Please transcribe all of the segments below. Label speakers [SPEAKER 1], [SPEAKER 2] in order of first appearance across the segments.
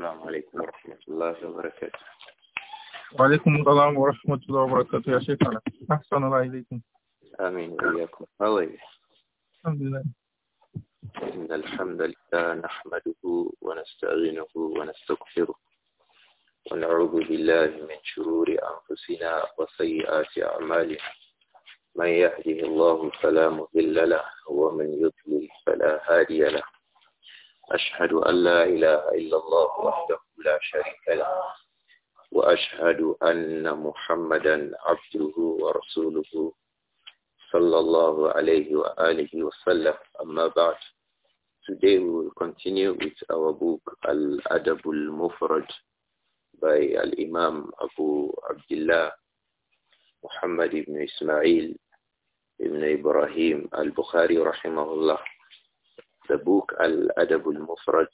[SPEAKER 1] السلام عليكم ورحمة الله وبركاته
[SPEAKER 2] وعليكم السلام ورحمة الله وبركاته يا شيخنا أحسن الله إليكم
[SPEAKER 1] آمين وإياكم الحمد لله إن الحمد لله نحمده ونستعينه ونستغفره ونعوذ بالله من شرور أنفسنا وسيئات أعمالنا من يهده الله فلا مضل له ومن يضلل فلا هادي له أشهد أن لا إله إلا الله وحده لا شريك له وأشهد أن محمدا عبده ورسوله صلى الله عليه وآله وسلم أما بعد Today we will continue with our book Al-Adab al-Mufrad by Al-Imam Abu Abdullah Muhammad ibn Ismail ibn Ibrahim al-Bukhari rahimahullah the book al Adabul mufrad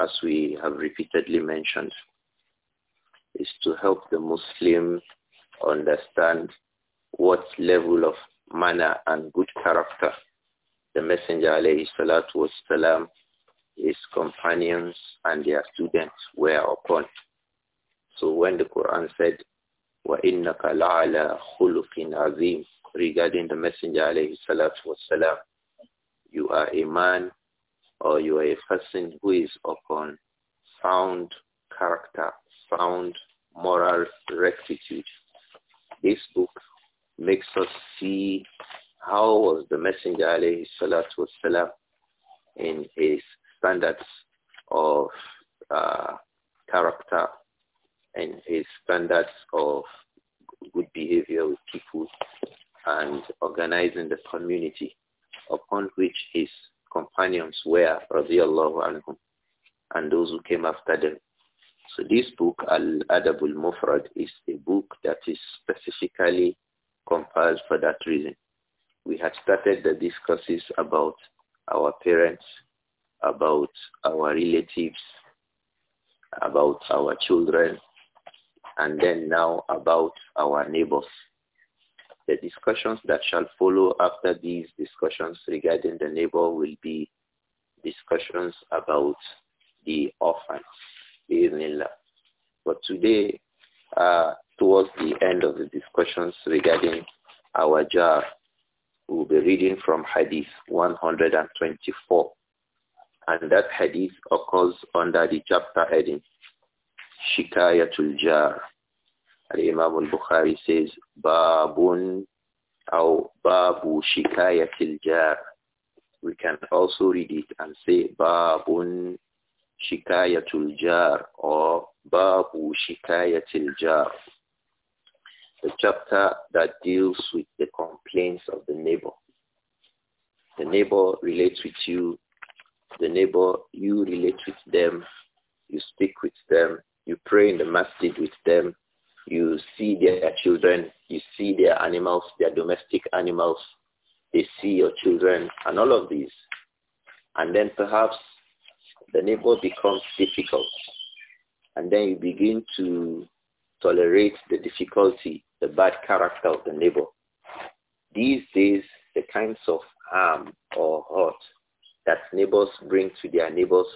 [SPEAKER 1] as we have repeatedly mentioned, is to help the Muslim understand what level of manner and good character the Messenger alayhi salatu salam, his companions and their students were upon. So when the Quran said, وَإِنَّكَ لَعَلَى خُلُقٍ azim," regarding the Messenger alayhi salatu salam, you are a man or you are a person who is upon sound character, sound moral rectitude. This book makes us see how was the Messenger alayhi salatu wasalam in his standards of uh, character and his standards of good behavior with people and organizing the community upon which his companions were, radiallahu anhum, and those who came after them. So this book, al Adabul mufrad is a book that is specifically compiled for that reason. We had started the discussions about our parents, about our relatives, about our children, and then now about our neighbors. The discussions that shall follow after these discussions regarding the neighbor will be discussions about the orphans. But today, uh, towards the end of the discussions regarding our jar, we'll be reading from Hadith 124. And that Hadith occurs under the chapter heading, Shikayatul Jar. Al-Imam al-Bukhari says, Babun أو Babu شكاية الجار. We can also read it and say Babun Shikaya الجار or "Babu Shikaya الجار. The chapter that deals with the complaints of the neighbor. The neighbor relates with you. The neighbor, you relate with them. You speak with them. You pray in the masjid with them you see their children, you see their animals, their domestic animals, they see your children and all of these. And then perhaps the neighbor becomes difficult. And then you begin to tolerate the difficulty, the bad character of the neighbor. These days, the kinds of harm or hurt that neighbors bring to their neighbors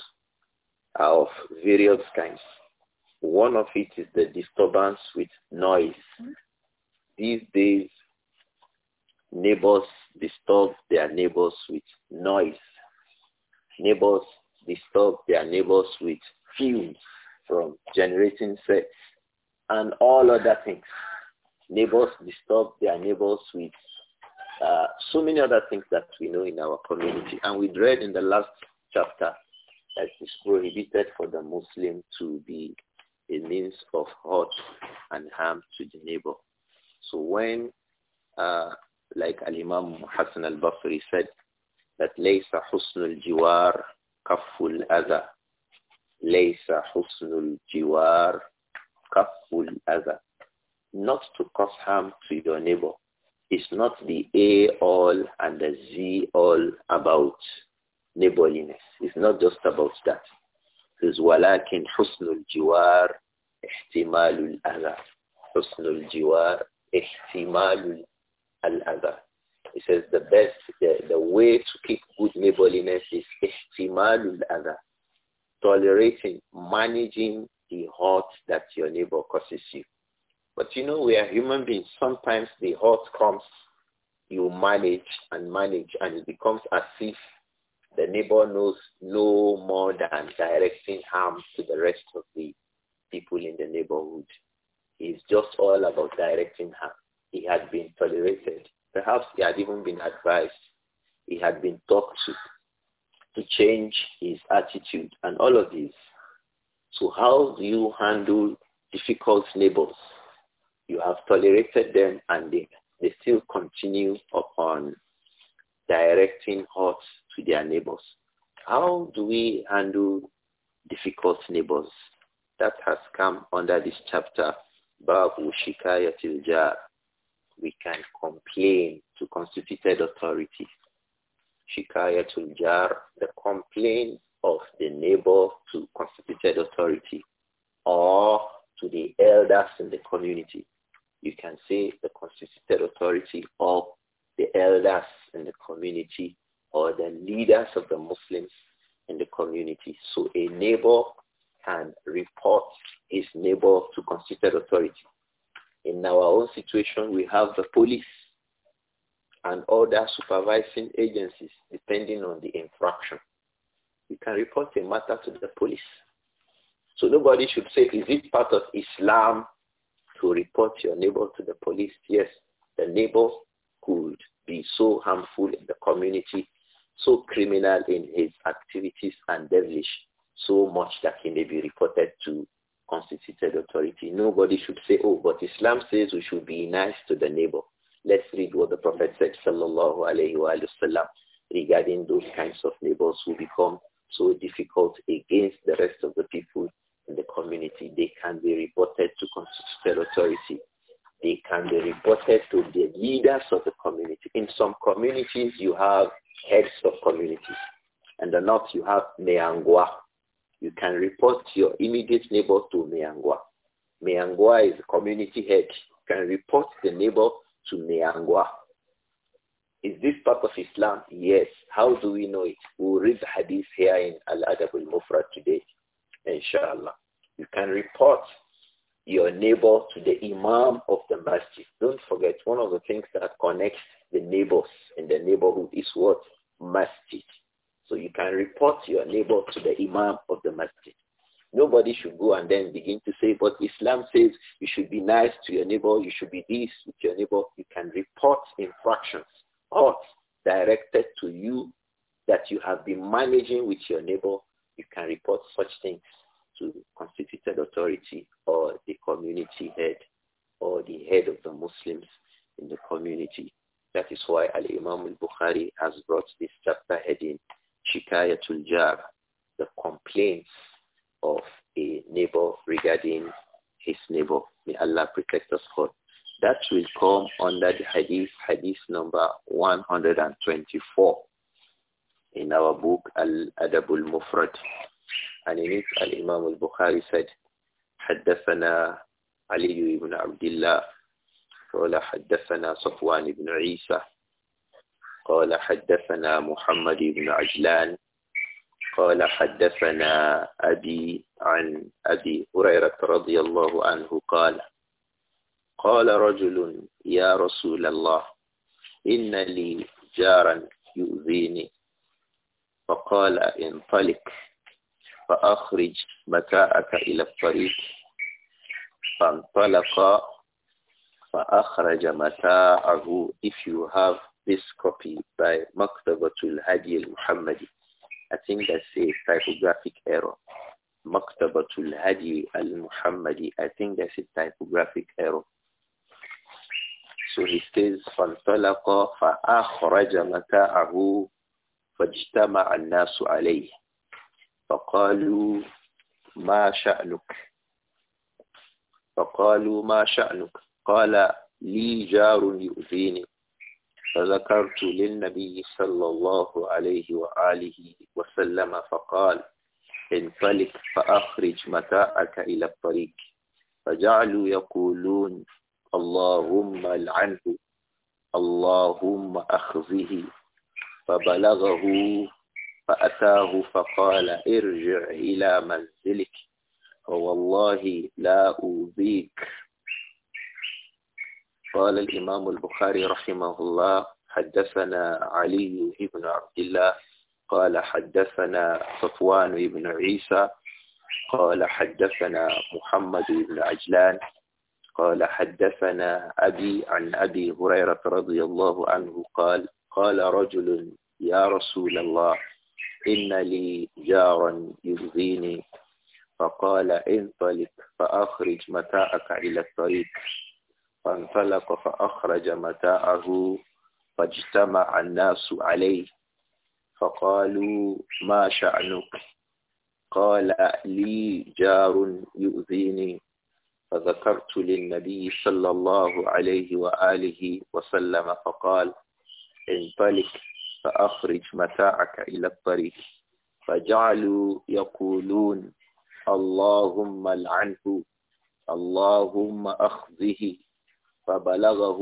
[SPEAKER 1] are of various kinds. One of it is the disturbance with noise. Hmm. These days, neighbors disturb their neighbors with noise. Neighbors disturb their neighbors with fumes from generating sets and all other things. Neighbors disturb their neighbors with uh, so many other things that we know in our community. And we read in the last chapter that it's prohibited for the Muslim to be a means of hurt and harm to the neighbor. So when, uh, like Al-Imam Hassan al-Basri said, that ليس حسن الجوار كف الأذى ليس حسن الجوار كف الأذى Not to cause harm to your neighbor It's not the A all and the Z all about neighborliness. It's not just about that says, وَلَكِنْ حُسْنُ الْجِوَارِ احتمال الأذى حسن الجوار احتمال الأذى He says the best, the, the way to keep good neighborliness is ihtimal al-adha, tolerating, managing the hurt that your neighbor causes you. But you know, we are human beings. Sometimes the hurt comes, you manage and manage, and it becomes as if the neighbor knows no more than directing harm to the rest of the people in the neighborhood. It's just all about directing harm. He had been tolerated. Perhaps he had even been advised. He had been talked to to change his attitude and all of this. So how do you handle difficult neighbors? You have tolerated them and they, they still continue upon directing hurt to their neighbors. How do we handle difficult neighbors? That has come under this chapter, We can complain to constituted authority. Shikayatul Jar, the complaint of the neighbor to constituted authority or to the elders in the community. You can say the constituted authority or the elders in the community leaders of the Muslims in the community. So a neighbor can report his neighbor to constituted authority. In our own situation, we have the police and other supervising agencies depending on the infraction. We can report a matter to the police. So nobody should say, is it part of Islam to report your neighbor to the police? Yes, the neighbor could be so harmful in the community criminal in his activities and devilish so much that he may be reported to constituted authority. Nobody should say, oh, but Islam says we should be nice to the neighbor. Let's read what the Prophet said, sallallahu alayhi wa sallam, regarding those kinds of neighbors who become so difficult against the rest of the people in the community. They can be reported to constituted authority. They can be reported to the leaders of the community. In some communities, you have north, you have Meangwa. You can report your immediate neighbor to Meangwa. Meangwa is community head. You can report the neighbor to Meangwa. Is this part of Islam? Yes. How do we know it? We will read the hadith here in Al-Adab al-Mufrad today, inshallah. You can report your neighbor to the imam of the masjid. Don't forget, one of the things that connects the neighbors in the neighborhood is what? Masjid and report your neighbor to the imam of the masjid. Nobody should go and then begin to say, but Islam says you should be nice to your neighbor, you should be this with your neighbor. You can report infractions, or directed to you that you have been managing with your neighbor. You can report such things to constituted authority or the community head or the head of the Muslims in the community. That is why Al-Imam al-Bukhari has brought this chapter heading shikayatul jar, the complaints of a neighbor regarding his neighbor. May Allah protect us all. That will come under the hadith, hadith number 124 in our book Al-Adabul Mufrad. And in it, Al-Imam al-Bukhari said, حدثنا علي بن عبد الله قال حدثنا صفوان بن عيسى قال حدثنا محمد بن عجلان قال حدثنا أبي عن أبي هريرة رضي الله عنه قال قال رجل يا رسول الله إن لي جارا يؤذيني فقال انطلق فأخرج متاعك إلى الطريق فانطلق فأخرج متاعه if you have this copy by Maktabatul Hadi al-Muhammadi. I think that's a typographic error. Maktabatul Hadi al-Muhammadi. I think that's a typographic error. So he says, فَانْطَلَقَ فَأَخْرَجَ مَتَاعَهُ فَاجْتَمَعَ النَّاسُ عَلَيْهِ فَقَالُوا مَا شَأْنُكَ فَقَالُوا مَا شَأْنُكَ قَالَ لِي جَارٌ يُؤْذِينِي فذكرت للنبي صلى الله عليه وآله وسلم فقال انطلق فأخرج متاعك إلى الطريق فجعلوا يقولون اللهم العنه اللهم أخذه فبلغه فأتاه فقال ارجع إلى منزلك فوالله لا أوذيك قال الإمام البخاري رحمه الله حدثنا علي بن عبد الله قال حدثنا صفوان بن عيسى قال حدثنا محمد بن عجلان قال حدثنا أبي عن أبي هريرة رضي الله عنه قال قال رجل يا رسول الله إن لي جارا يؤذيني فقال انطلق فأخرج متاعك إلى الطريق فانفلق فأخرج متاعه فاجتمع الناس عليه فقالوا ما شأنك قال لي جار يؤذيني فذكرت للنبي صلى الله عليه وآله وسلم فقال انطلق فأخرج متاعك إلى الطريق فجعلوا يقولون اللهم العنه اللهم أخذه فبلغه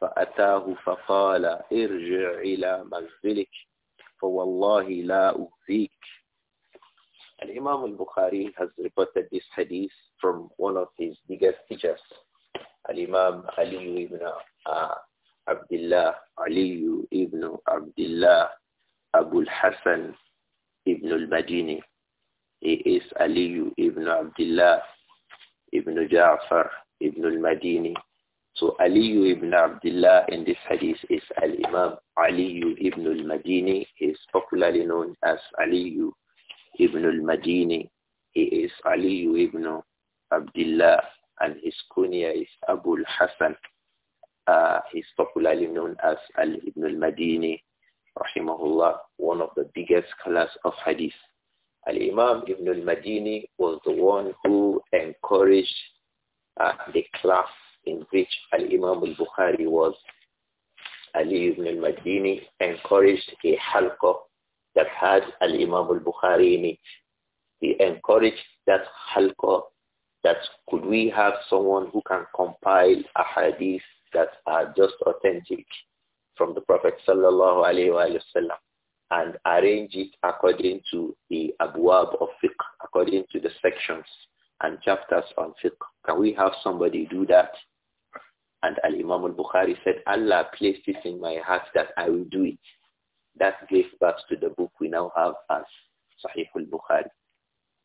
[SPEAKER 1] فأتاه فقال ارجع إلى منزلك فوالله لا أؤذيك Al-Imam al-Bukhari has reported this hadith from one of his biggest teachers, Al-Imam Ali ibn Abdullah, Ali ibn Abdullah Abu al-Hasan ibn al-Madini. He is Ali ibn Abdullah ibn Ja'far ibn al-Madini so Ali ibn Abdullah in this hadith is Al-Imam Ali ibn al-Madini. He is popularly known as Ali ibn al-Madini. He is Ali ibn Abdullah and his kunya is Abu al-Hasan. Uh, is popularly known as Ali ibn al-Madini, rahimahullah, one of the biggest scholars of hadith. Al-Imam ibn al-Madini was the one who encouraged uh, the class in which Al-Imam al-Bukhari was, Ali ibn al-Madini encouraged a halqa that had Al-Imam al-Bukhari in it. He encouraged that halqa that could we have someone who can compile a hadith that are just authentic from the Prophet sallallahu alayhi wasallam and arrange it according to the abwab of fiqh, according to the sections and chapters on fiqh. Can we have somebody do that? And Al-Imam al-Bukhari said, Allah placed this in my heart that I will do it. That gave birth to the book we now have as Sahih al-Bukhari.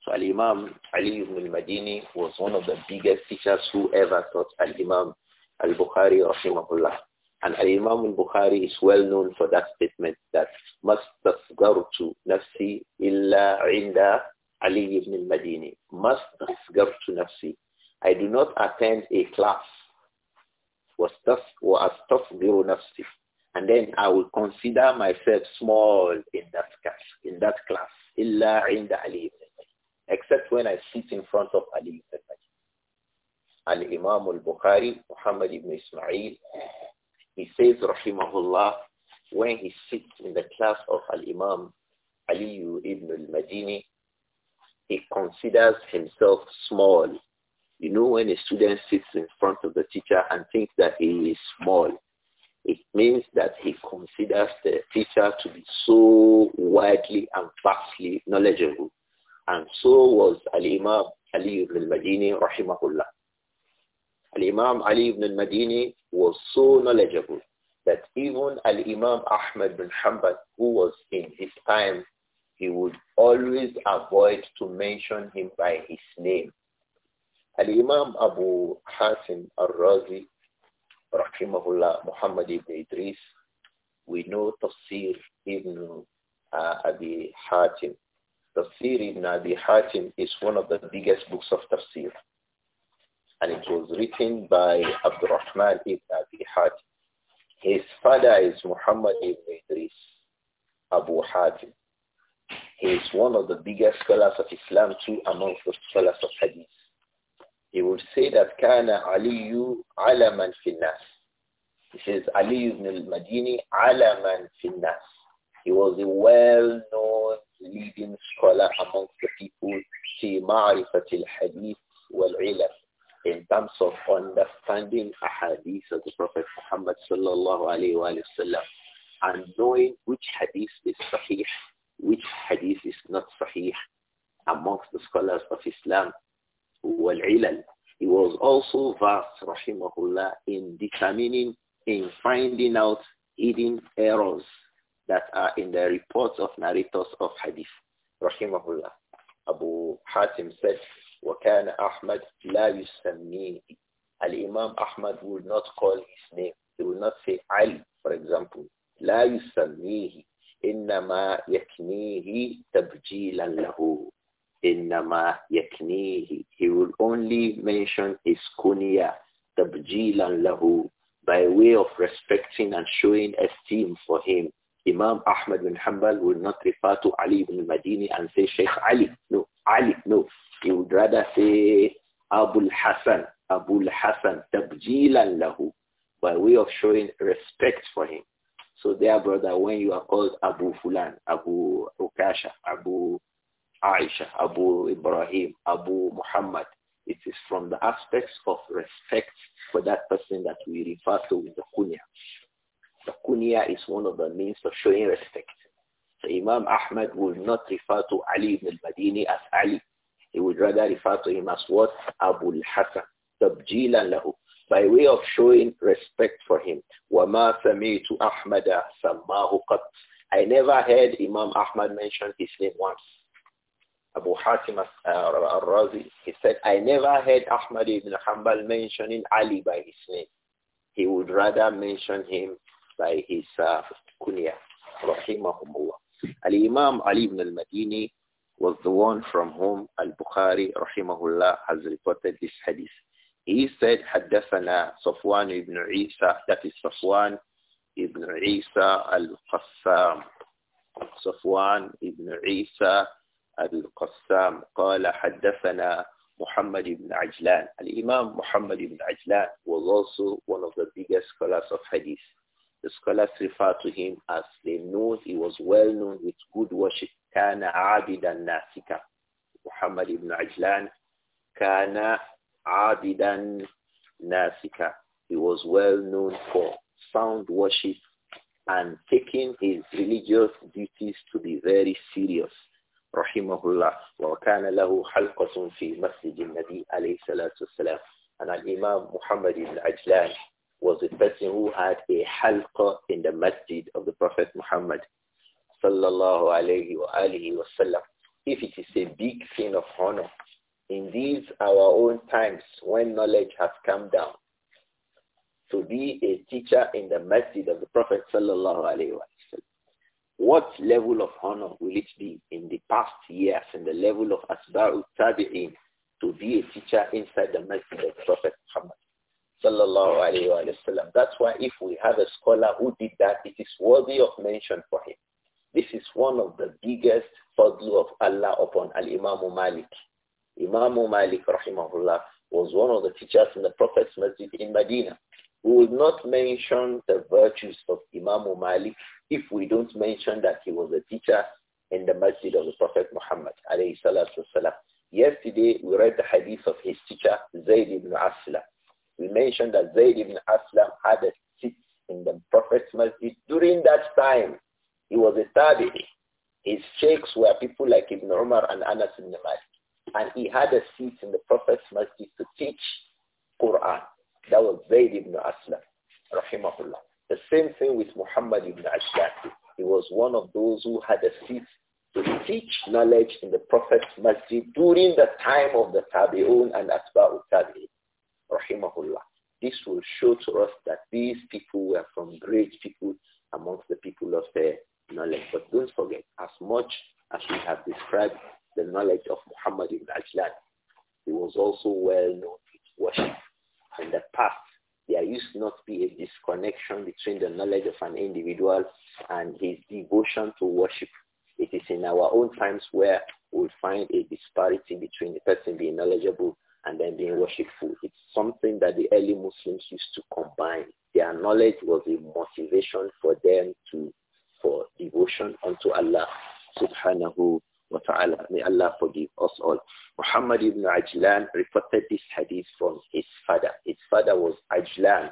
[SPEAKER 1] So Al-Imam Ali ibn al-Madini was one of the biggest teachers who ever taught Al-Imam al-Bukhari rahimahullah. And Al-Imam al-Bukhari is well known for that statement that mastasgartu nafsi illa inda Ali ibn al-Madini. Mastasgartu nafsi. I do not attend a class وَأَسْتَغْفِرُ نَفْسِي And then I will consider myself small in that class, in that class, إِلَّا عِنْدَ عَلِي Except when I sit in front of Ali ibn Al-Imam al-Bukhari, Muhammad ibn Ismail, he says, rahimahullah, when he sits in the class of Al-Imam Ali ibn al-Madini, he considers himself small you know when a student sits in front of the teacher and thinks that he is small, it means that he considers the teacher to be so widely and vastly knowledgeable. And so was Al-Imam Ali ibn al-Madini rahimahullah. Al-Imam Ali ibn al-Madini was so knowledgeable that even Al-Imam Ahmad bin Hanbal, who was in his time, he would always avoid to mention him by his name Al-Imam Abu Hatim al-Razi, rahimahullah, Muhammad ibn Idris, we know Tafsir ibn uh, Abi Hatim. Tafsir ibn Abi Hatim is one of the biggest books of Tafsir. And it was written by Abdurrahman ibn Abi Hatim. His father is Muhammad ibn Idris, Abu Hatim. He is one of the biggest scholars of Islam too amongst the scholars of Hadith he would say that kana Aliyu alaman finnas. He says Ali ibn al-Madini alaman finnas. He was a well-known leading scholar amongst the people في معرفة Hadith والعلم in terms of understanding a hadith of the Prophet Muhammad sallallahu alayhi wa sallam and knowing which hadith is sahih, which hadith is not sahih amongst the scholars of Islam wal He was also vast, rahimahullah, in determining, in finding out hidden errors that are in the reports of narrators of hadith, rahimahullah. Abu Hatim said, وَكَانَ أَحْمَدْ يسمي." يُسَمِّيهِ Al-Imam Ahmad would not call his name. He would not say Ali, for example. لَا يُسَمِّيهِ إِنَّمَا يَكْنِيهِ تَبْجِيلًا لَهُ nama, يَكْنِيهِ He will only mention his kunya, tabjilan lahu by way of respecting and showing esteem for him. Imam Ahmad bin Hanbal would not refer to Ali bin Madini and say Sheikh Ali. No, Ali, no. He would rather say Abu hasan Abu hasan tabjilan lahu, by way of showing respect for him. So there, brother, when you are called Abu Fulan, Abu Ukasha, Abu Aisha, Abu Ibrahim, Abu Muhammad. It is from the aspects of respect for that person that we refer to in the kunya. The kunya is one of the means of showing respect. So Imam Ahmad will not refer to Ali ibn al-Madini as Ali. He would rather refer to him as what? Abu al-Hasan. Tabjilan lahu. By way of showing respect for him. وَمَا سَمِيتُ أَحْمَدَ سَمَّاهُ قَطْ I never heard Imam Ahmad mention his name once. Abu Hatim al-Razi, uh, he said, I never heard Ahmad ibn Hanbal mentioning Ali by his name. He would rather mention him by his uh, kunya, rahimahumullah. Al-Imam Ali ibn al-Madini was the one from whom al-Bukhari, rahimahullah, has reported this hadith. He said, حدثنا صفوان ibn Isa, that is Safwan ibn Isa al-Qassam. Safwan ibn Isa القسام قال حدثنا Muhammad ibn Ajlan. Al-Imam Muhammad ibn Ajlan was also one of the biggest scholars of hadith. The scholars refer to him as they know he was well known with good worship. Kana abidan nasika. Muhammad ibn Ajlan. Kana abidan nasika. He was well known for sound worship and taking his religious duties to be very serious. رحمه الله وكان له حلقة في مسجد النبي عليه الصلاة والسلام and Imam Muhammad ibn Ajlan was the person who had a halqa in the masjid of the Prophet Muhammad sallallahu alayhi wa alihi wasallam. If it is a big thing of honor, in these our own times when knowledge has come down, to be a teacher in the masjid of the Prophet sallallahu alayhi wa sallam what level of honor will it be in the past years and the level of Asba'u Tabi'in to be a teacher inside the message of Prophet Muhammad? Sallallahu alayhi wa sallam. That's why if we have a scholar who did that, it is worthy of mention for him. This is one of the biggest fadlu of Allah upon Al-Imam Malik. Imam Malik, rahimahullah, was one of the teachers in the Prophet's Masjid in Medina. We will not mention the virtues of Imam Malik if we don't mention that he was a teacher in the masjid of the Prophet Muhammad salatu wasalam. Yesterday we read the hadith of his teacher Zayd ibn Aslam. We mentioned that Zayd ibn Aslam had a seat in the Prophet's masjid during that time. He was a tabi'i. His sheikhs were people like Ibn Umar and Anas ibn Malik. And he had a seat in the Prophet's masjid to teach Quran. That was Zayd ibn Aslam, rahimahullah. The same thing with Muhammad ibn Ashaq. He was one of those who had a seat to teach knowledge in the Prophet's masjid during the time of the Tabi'un and Asba'u Tabi'in. Rahimahullah. This will show to us that these people were from great people amongst the people of their knowledge. But don't forget, as much as we have described the knowledge of Muhammad ibn Ajlan, he was also well known in worship and the past there used not be a disconnection between the knowledge of an individual and his devotion to worship. It is in our own times where we'll find a disparity between the person being knowledgeable and then being worshipful. It's something that the early Muslims used to combine. Their knowledge was a motivation for them to, for devotion unto Allah subhanahu wa ta'ala. May Allah forgive us all. Muhammad ibn Ajlan reported this hadith from his father. His father was Ajlan,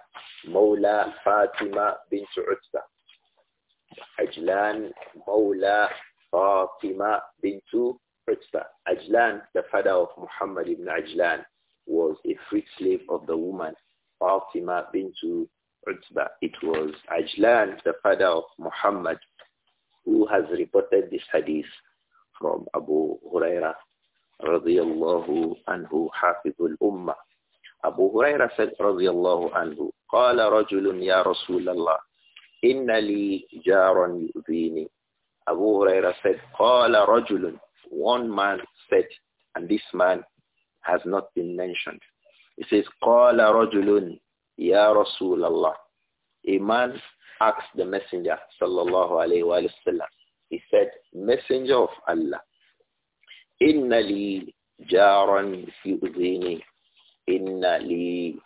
[SPEAKER 1] Mawla Fatima bint Utba. Ajlan, Mawla Fatima bint Utba. Ajlan, the father of Muhammad ibn Ajlan, was a freed slave of the woman Fatima bint Utba. It was Ajlan, the father of Muhammad, who has reported this hadith from Abu Huraira radiyallahu anhu hafidul ummah. Abu Huraira said radiyallahu anhu, قال رجل يا رسول الله إن لي جار يؤذيني. Abu Huraira said, قال رجل, one man said, and this man has not been mentioned. He says, قال رجل يا رسول الله. A man asked the messenger, sallallahu alayhi wa sallam, he said, Messenger of Allah, Inna li jaran yu'zini. Inna li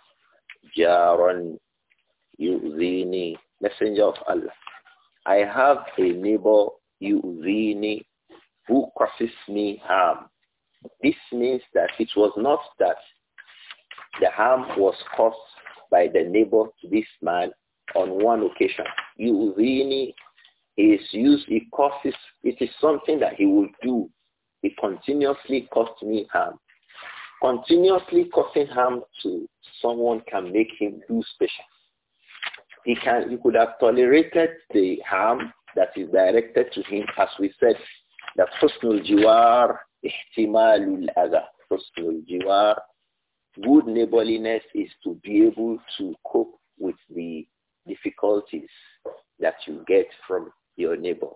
[SPEAKER 1] jaran yu'zini. Messenger of Allah. I have a neighbor, yu'zini, who causes me harm. This means that it was not that the harm was caused by the neighbor to this man on one occasion. Yu'zini he is used, he causes, it is something that he will do. He continuously caused me harm. Continuously causing harm to someone can make him do special. He can, he could have tolerated the harm that is directed to him, as we said, that husnul jiwar ihtimalul adha. Husnul jiwar, good neighborliness is to be able to cope with the difficulties that you get from your neighbor.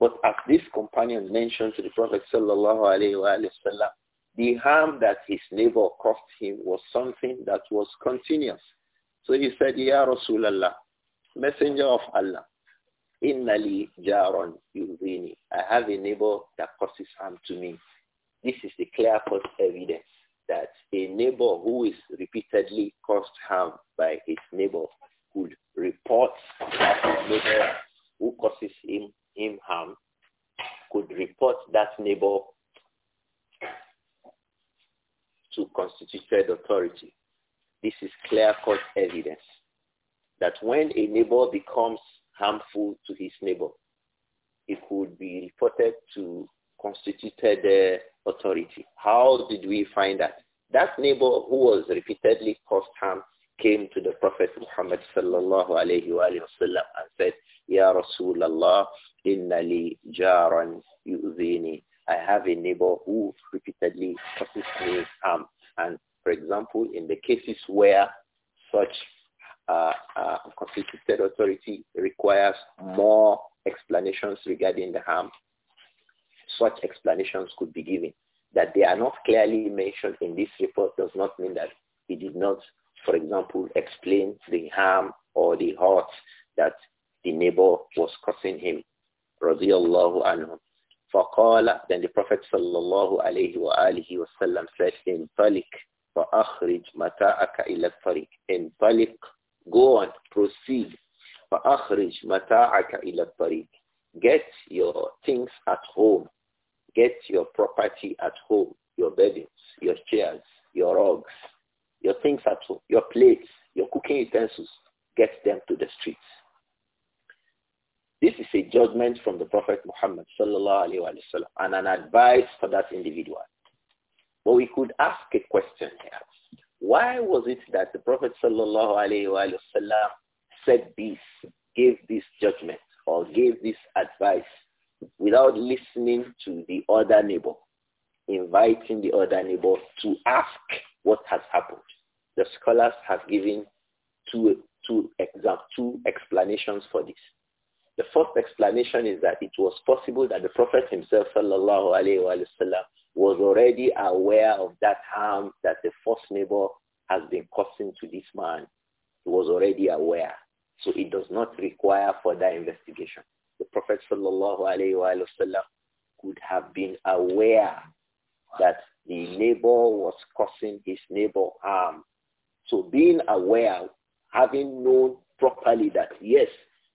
[SPEAKER 1] But as this companion mentioned to the Prophet sallallahu alaihi wasallam, the harm that his neighbor caused him was something that was continuous. So he said, Ya Rasulallah, messenger of Allah, innali jaron yuzini. I have a neighbor that causes harm to me. This is the clear-cut evidence that a neighbor who is repeatedly caused harm by his neighbor could report that his neighbor who causes him, him harm could report that neighbor to constituted authority. This is clear-cut evidence that when a neighbor becomes harmful to his neighbor, it could be reported to constituted uh, authority. How did we find that? That neighbor who was repeatedly caused harm came to the Prophet Muhammad sallallahu alayhi wa sallam and said, Ya Rasulallah, inna li jaran yu'zini. I have a neighbor who repeatedly causes me harm. And for example, in the cases where such uh, uh, constituted authority requires more explanations regarding the harm, such explanations could be given. That they are not clearly mentioned in this report does not mean that he did not for example, explain the harm or the hurt that the neighbor was causing him. Radiallahu anhu. فقال then the Prophet sallallahu alayhi wa alihi wa said in Talik فأخرج متاعك إلى الطريق in Talik go on proceed فأخرج متاعك إلى الطريق get your things at home get your property at home your beddings your chairs your rugs your things at home, your plates, your cooking utensils, get them to the streets. This is a judgment from the Prophet Muhammad sallallahu wasallam and an advice for that individual. But we could ask a question here. Why was it that the Prophet sallallahu wasallam said this, gave this judgment or gave this advice without listening to the other neighbor, inviting the other neighbor to ask what has happened. The scholars have given two, two, exam, two explanations for this. The first explanation is that it was possible that the Prophet himself, sallallahu alayhi wa sallam, was already aware of that harm that the first neighbor has been causing to this man. He was already aware. So it does not require further investigation. The Prophet sallallahu alayhi wa sallam could have been aware that the neighbor was causing his neighbor harm. So being aware, having known properly that yes,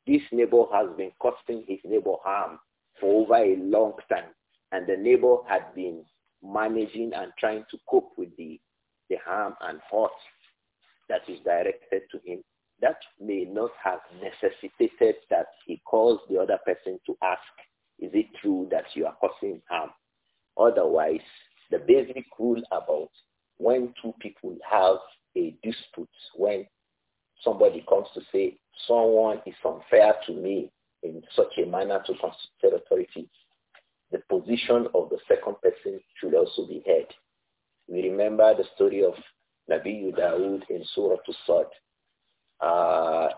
[SPEAKER 1] this neighbor has been causing his neighbor harm for over a long time, and the neighbor had been managing and trying to cope with the, the harm and hurt that is directed to him, that may not have necessitated that he calls the other person to ask, is it true that you are causing harm? Otherwise, the basic rule about when two people have a dispute, when somebody comes to say, someone is unfair to me in such a manner to constitute authority, the position of the second person should also be heard. We remember the story of Nabi Dawood in Surah Tusad. Uh,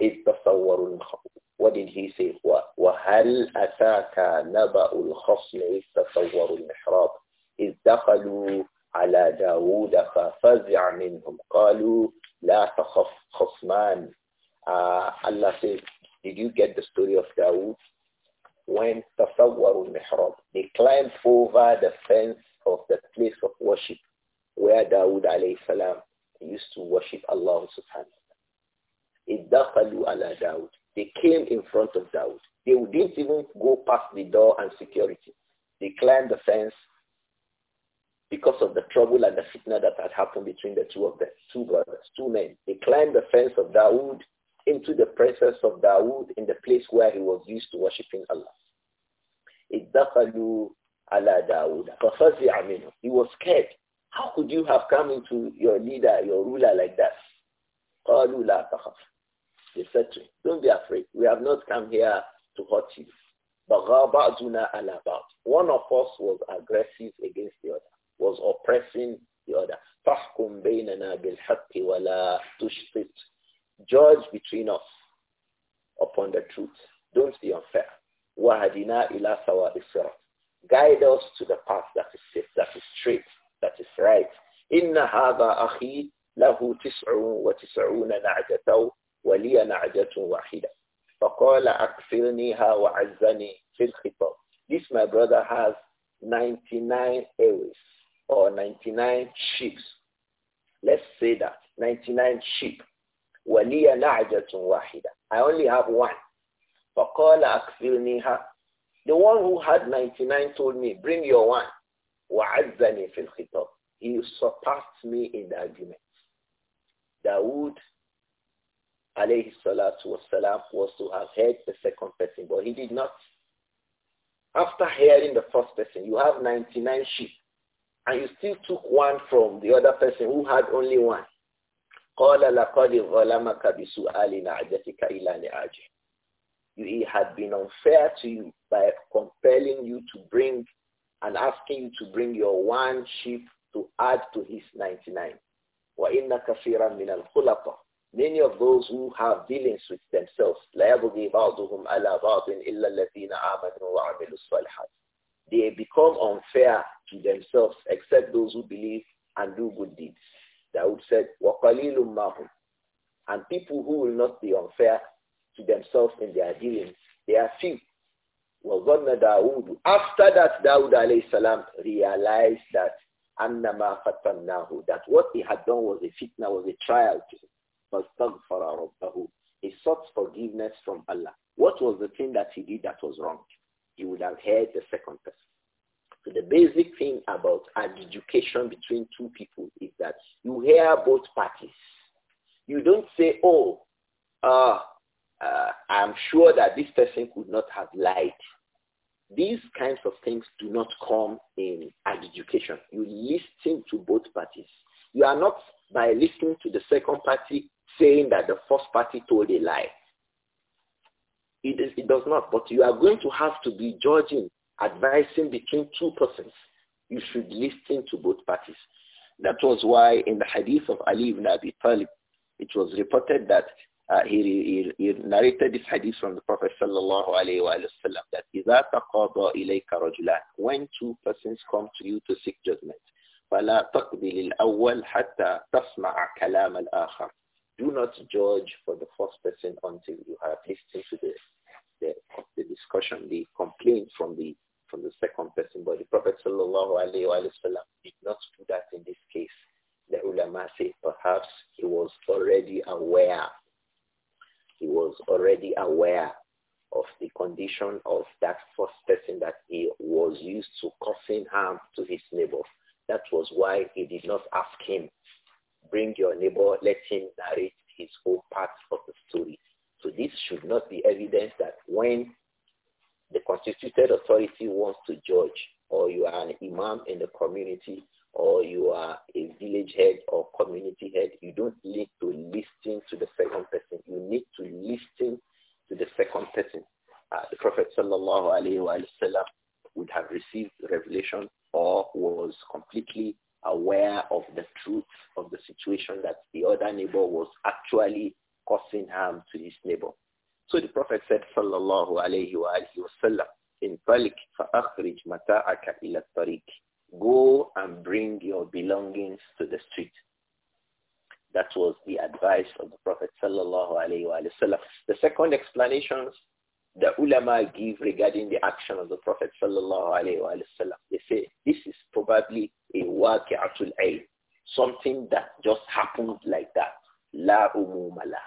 [SPEAKER 1] what did he say? وَهَلْ أَتَاكَ نَبَأُ الْخَصْمِ إِذْ الْمِحْرَابَ إذ دخلوا على داود ففزع منهم قالوا لا تخف خصمان uh, Allah says did you get the story of Dawood when تصوروا المحراب they climbed over the fence of the place of worship where Dawood عليه السلام used to worship Allah subhanahu wa ta'ala على داود they came in front of Dawood they didn't even go past the door and security they climbed the fence because of the trouble and the sickness that had happened between the two of them, two brothers, two men. They climbed the fence of Dawood into the presence of Dawood in the place where he was used to worshipping Allah. اتدخلوا على داود ففزع منه. He was scared. How could you have come into your leader, your ruler like that? قالوا لا They said to him, don't be afraid. We have not come here to hurt you. بغى بعضنا على One of us was aggressive against the other was oppressing the other. فَحْكُمْ بَيْنَنَا بِالْحَقِّ وَلَا تُشْطِطْ Judge between us upon the truth. Don't be unfair. وَهَدِنَا إِلَى سَوَاءِ Guide us to the path that is safe, that is straight, that is right. إِنَّ هَذَا أَخِي له تسع وتسعون نعجة ولي نعجة واحدة فقال أكفلنيها وعزني في الخطاب This my brother has 99 or 99 sheep. Let's say that 99 sheep. وَلِيَ نَعْجَةٌ وَاحِدَةٌ I only have one. فَقَالَ أَكْفِرْنِهَا The one who had 99 told me, bring your one. وَعَزَّنِي فِي الْخِطَابِ He surpassed me in the argument. Dawood alayhi salatu wasalam was to have heard the second person, but he did not. After hearing the first person, you have 99 sheep and you still took one from the other person who had only one. He had been unfair to you by compelling you to bring and asking you to bring your one sheep to add to his 99. Many of those who have dealings with themselves, they become unfair to themselves except those who believe and do good deeds. Dawood said, وَقَلِيلٌ مَّهُمْ And people who will not be unfair to themselves in their dealings, they are few. وَظَنَّ دَاوُودُ After that, Dawood alayhi salam realized that أَنَّمَا فَتَنَّاهُ That what he had done was a fitna, was a trial to him. فَاسْتَغْفَرَ رَبَّهُ He sought forgiveness from Allah. What was the thing that he did that was wrong? you would have heard the second person. So the basic thing about adjudication between two people is that you hear both parties. You don't say, oh, uh, uh, I'm sure that this person could not have lied. These kinds of things do not come in adjudication. You listen to both parties. You are not, by listening to the second party, saying that the first party told a lie. It, is, it does not. But you are going to have to be judging, advising between two persons. You should listen to both parties. That was why in the hadith of Ali ibn Abi Talib, it was reported that uh, he, he, he, narrated this hadith from the Prophet sallallahu alaihi wasallam that إذا إليك رجلان when two persons come to you to seek judgment فلا تقبل الأول حتى تسمع كلام الآخر do not judge for the first person until you have listened to the, the, the discussion, the complaint from the from the second person. But the Prophet sallallahu did not do that in this case. The ulama say perhaps he was already aware. He was already aware of the condition of that first person that he was used to causing harm to his neighbor. That was why he did not ask him bring your neighbor, let him narrate his own part of the story. So this should not be evidence that when the constituted authority wants to judge or you are an imam in the community or you are a village head or community head, you don't need to listen to the second person. You need to listen to the second person. Uh, the Prophet sallallahu alaihi wasallam would have received revelation or was completely aware of the truth of the situation that the other neighbor was actually causing harm to his neighbor. So the Prophet said, Sallallahu in Talik, فَأَخْرِجْ مَتَاعَكَ إِلَى الطَّرِيقِ Go and bring your belongings to the street. That was the advice of the Prophet Sallallahu The second explanations the ulama give regarding the action of the Prophet Sallallahu they say this is probably a waqi'atul ayn, something that just happened like that. La umumala.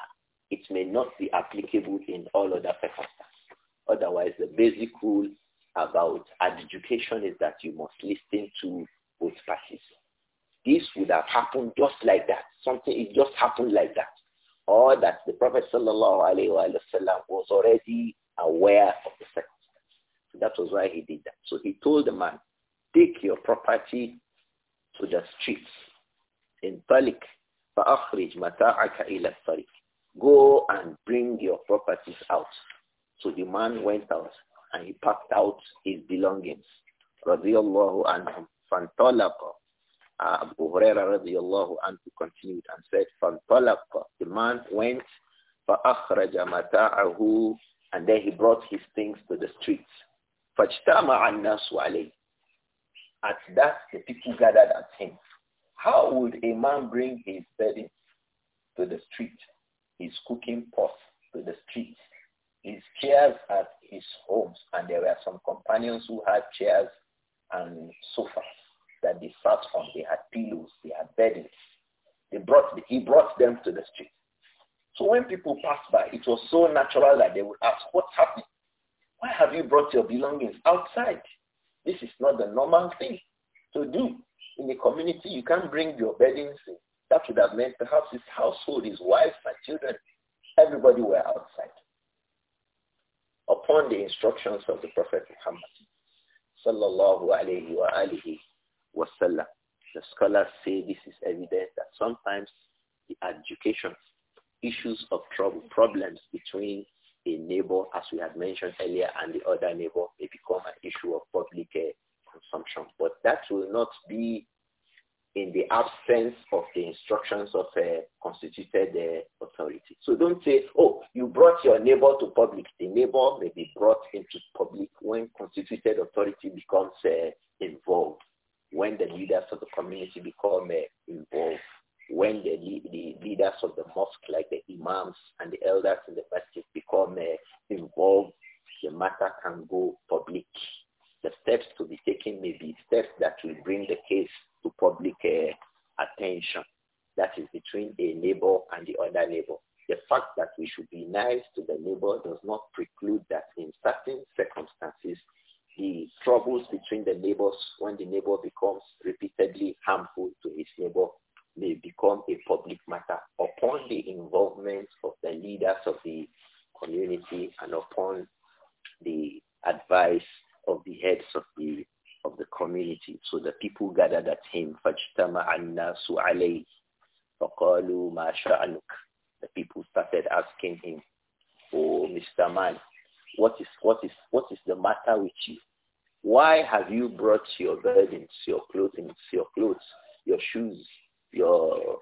[SPEAKER 1] It may not be applicable in all other circumstances. Otherwise, the basic rule about education is that you must listen to both parties. This would have happened just like that. Something, it just happened like that. Or that the Prophet sallallahu wasallam was already aware of the circumstances So that was why he did that. So he told the man, take your property to the streets. In Talik, فَأَخْرِجْ مَتَاعَكَ إِلَى الطَّرِيقِ Go and bring your properties out. So the man went out and he packed out his belongings. Radiallahu anhum. فَانْطَلَقَ uh, Abu Huraira radiallahu anhu continued and said, فَانْطَلَقَ The man went فَأَخْرَجَ مَتَاعَهُ And then he brought his things to the streets. فَاجْتَمَعَ النَّاسُ عَلَيْهِ at that, the people gathered at him. How would a man bring his burden to the street, his cooking pot to the street, his chairs at his homes? And there were some companions who had chairs and sofas that they sat on. They had pillows, they had beddings. They brought, he brought them to the street. So when people passed by, it was so natural that they would ask, what's happening? Why have you brought your belongings outside? This is not the normal thing to do. In the community, you can't bring your burdens in. That would have meant perhaps his household, his wife and children, everybody were outside. Upon the instructions of the Prophet Muhammad, sallallahu alayhi wa alihi wasallam, the scholars say this is evident that sometimes the education issues of trouble, problems between a neighbor, as we had mentioned earlier, and the other neighbor become an issue of public uh, consumption. But that will not be in the absence of the instructions of a constituted uh, authority. So don't say, oh, you brought your neighbor to public. The neighbor may be brought into public when constituted authority becomes uh, involved, when the leaders of the community become involved when the, the, leaders of the mosque, like the imams and the elders in the mosque, become uh, involved the matter can go public. The steps to be taken may be steps that will bring the case to public uh, attention. That is between a neighbor and the other neighbor. The fact that we should be nice to the neighbor does not preclude that in certain circumstances, the troubles between the neighbors when the neighbor becomes repeatedly harmful to his neighbor may become a public matter upon the involvement of the leaders of the community and upon the advice of the heads of the of the community. So the people gathered at him. فَاجْتَمَعَ النَّاسُ عَلَيْهِ فَقَالُوا The people started asking him, Oh, Mr. Man, what is, what is, what is the matter with you? Why have you brought your burdens, your clothing, your clothes, your shoes, your,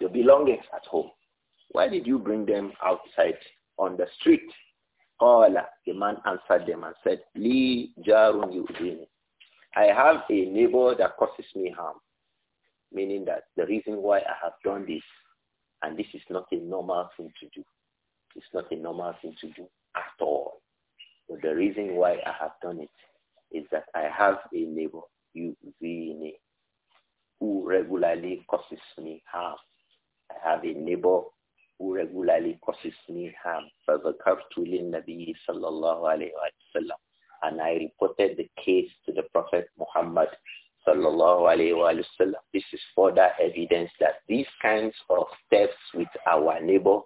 [SPEAKER 1] your belongings at home? Why did you bring them outside on the street? Qala, the man answered them and said, Li jarun yudini. I have a neighbor that causes me harm. Meaning that the reason why I have done this, and this is not a normal thing to do. It's not a normal thing to do at all. But the reason why I have done it is that I have a neighbor, Yudini, who regularly causes me harm. I have a neighbor who regularly causes me harm. فَذَكَرْتُ لِلنَّبِيِّ صَلَّى اللَّهُ عَلَيْهِ وَسَلَّمَ And I reported the case to the Prophet Muhammad sallallahu alayhi wa This is further evidence that these kinds of steps with our neighbor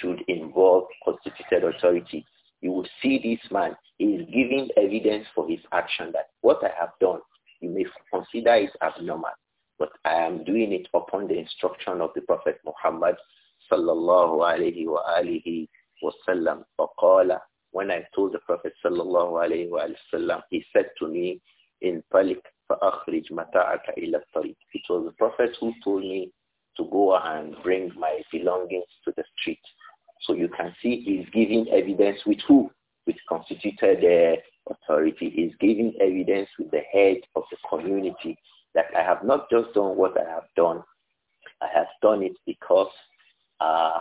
[SPEAKER 1] should involve constituted authority. You will see this man is giving evidence for his action that what I have done, you may consider it abnormal, but I am doing it upon the instruction of the Prophet Muhammad صلى الله عليه وآله وسلم فقال when I told the Prophet صلى الله عليه وآله وسلم he said to me in فأخرج متاعك إلى الطريق it was the Prophet who told me to go and bring my belongings to the street so you can see he's giving evidence with who with constituted uh, authority he's giving evidence with the head of the community that I have not just done what I have done I have done it because uh,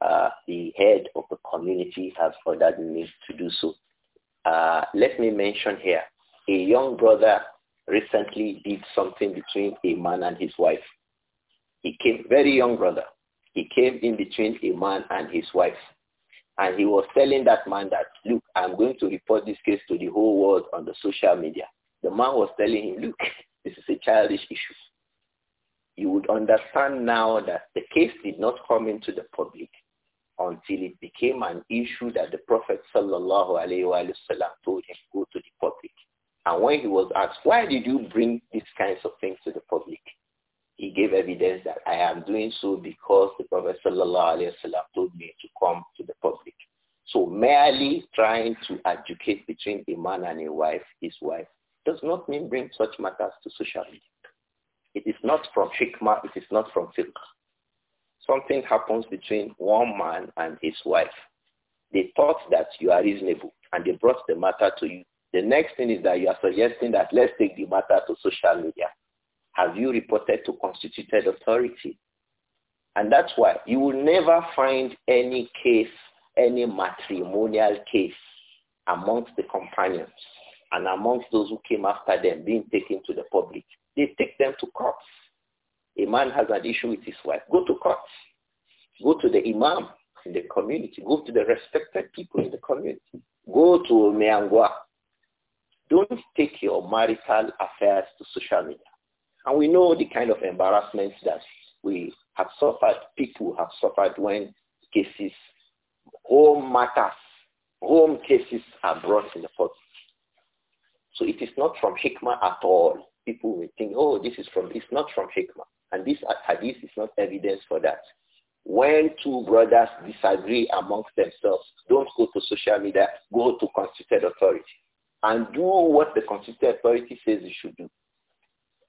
[SPEAKER 1] uh, the head of the community has ordered me to do so. Uh, let me mention here, a young brother recently did something between a man and his wife. He came, very young brother. He came in between a man and his wife. And he was telling that man that, look, I'm going to report this case to the whole world on the social media. The man was telling him, look, this is a childish issue you would understand now that the case did not come into the public until it became an issue that the Prophet sallallahu alaihi wasallam told him to go to the public. And when he was asked, why did you bring these kinds of things to the public? He gave evidence that I am doing so because the Prophet sallallahu alaihi wasallam told me to come to the public. So merely trying to educate between a man and a wife, his wife, does not mean bring such matters to social media. It is not from hikmah, it is not from fiqh. Something happens between one man and his wife. They thought that you are reasonable and they brought the matter to you. The next thing is that you are suggesting that let's take the matter to social media. Have you reported to constituted authority? And that's why you will never find any case, any matrimonial case amongst the companions and amongst those who came after them being taken to the public they take them to court. A man has an issue with his wife. Go to court. Go to the imam in the community. Go to the respected people in the community. Go to Meangwa. Don't take your marital affairs to social media. And we know the kind of embarrassments that we have suffered, people have suffered when cases, home matters, home cases are brought in the court. So it is not from hikmah at all people will think, oh, this is from, it's not from hikmah. And this hadith is not evidence for that. When two brothers disagree amongst themselves, don't go to social media, go to constituted authority and do what the constituted authority says you should do.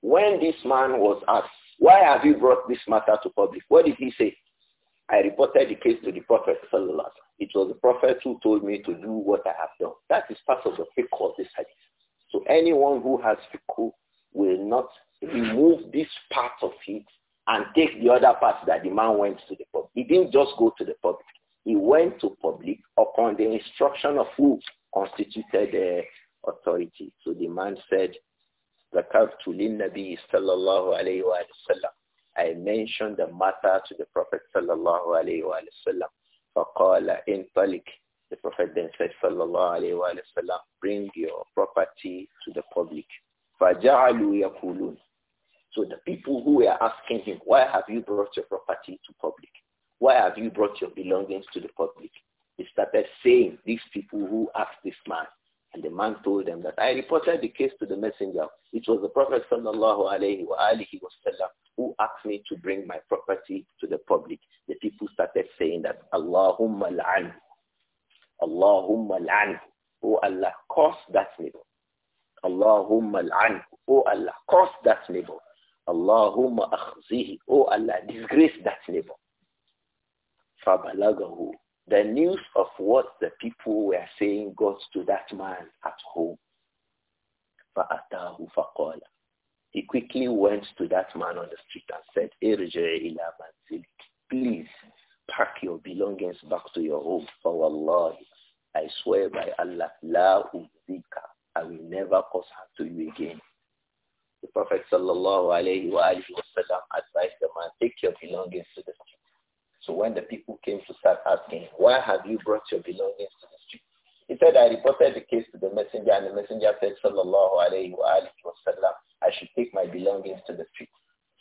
[SPEAKER 1] When this man was asked, why have you brought this matter to public? What did he say? I reported the case to the Prophet. It was the Prophet who told me to do what I have done. That is part of the fiqh of this hadith. So anyone who has fiqh will not remove this part of it and take the other part that the man went to the public. He didn't just go to the public. He went to public upon the instruction of who constituted the uh, authority. So the man said, ذكرت للنبي صلى الله عليه I mentioned the matter to the Prophet sallallahu alayhi wasallam. وآله وسلم فقال The Prophet then said "Sallallahu alayhi wasallam, Bring your property to the public. فَجَعَلُوا يَقُولُونَ So the people who were asking him, why have you brought your property to public? Why have you brought your belongings to the public? He started saying, these people who asked this man. And the man told them that I reported the case to the messenger. It was the Prophet sallallahu alaihi wasallam who asked me to bring my property to the public. The people started saying that Allahumma la'an. Allahumma la'an. Oh Allah, curse that neighbor. Allahumma al'an, O Allah, curse that neighbor. Allahumma akhzihi, O Allah, disgrace that neighbor. Fabalagahu. The news of what the people were saying got to that man at home. Fa'atahu faqala. He quickly went to that man on the street and said, Irja ila manzilik. Please pack your belongings back to your home. For Allah, I swear by Allah, la uzika I will never cause harm to you again. The Prophet sallallahu alayhi wa sallam advised the man, take your belongings to the street. So when the people came to start asking, why have you brought your belongings to the street? He said, I reported the case to the messenger and the messenger said, sallallahu alayhi wa sallam, I should take my belongings to the street.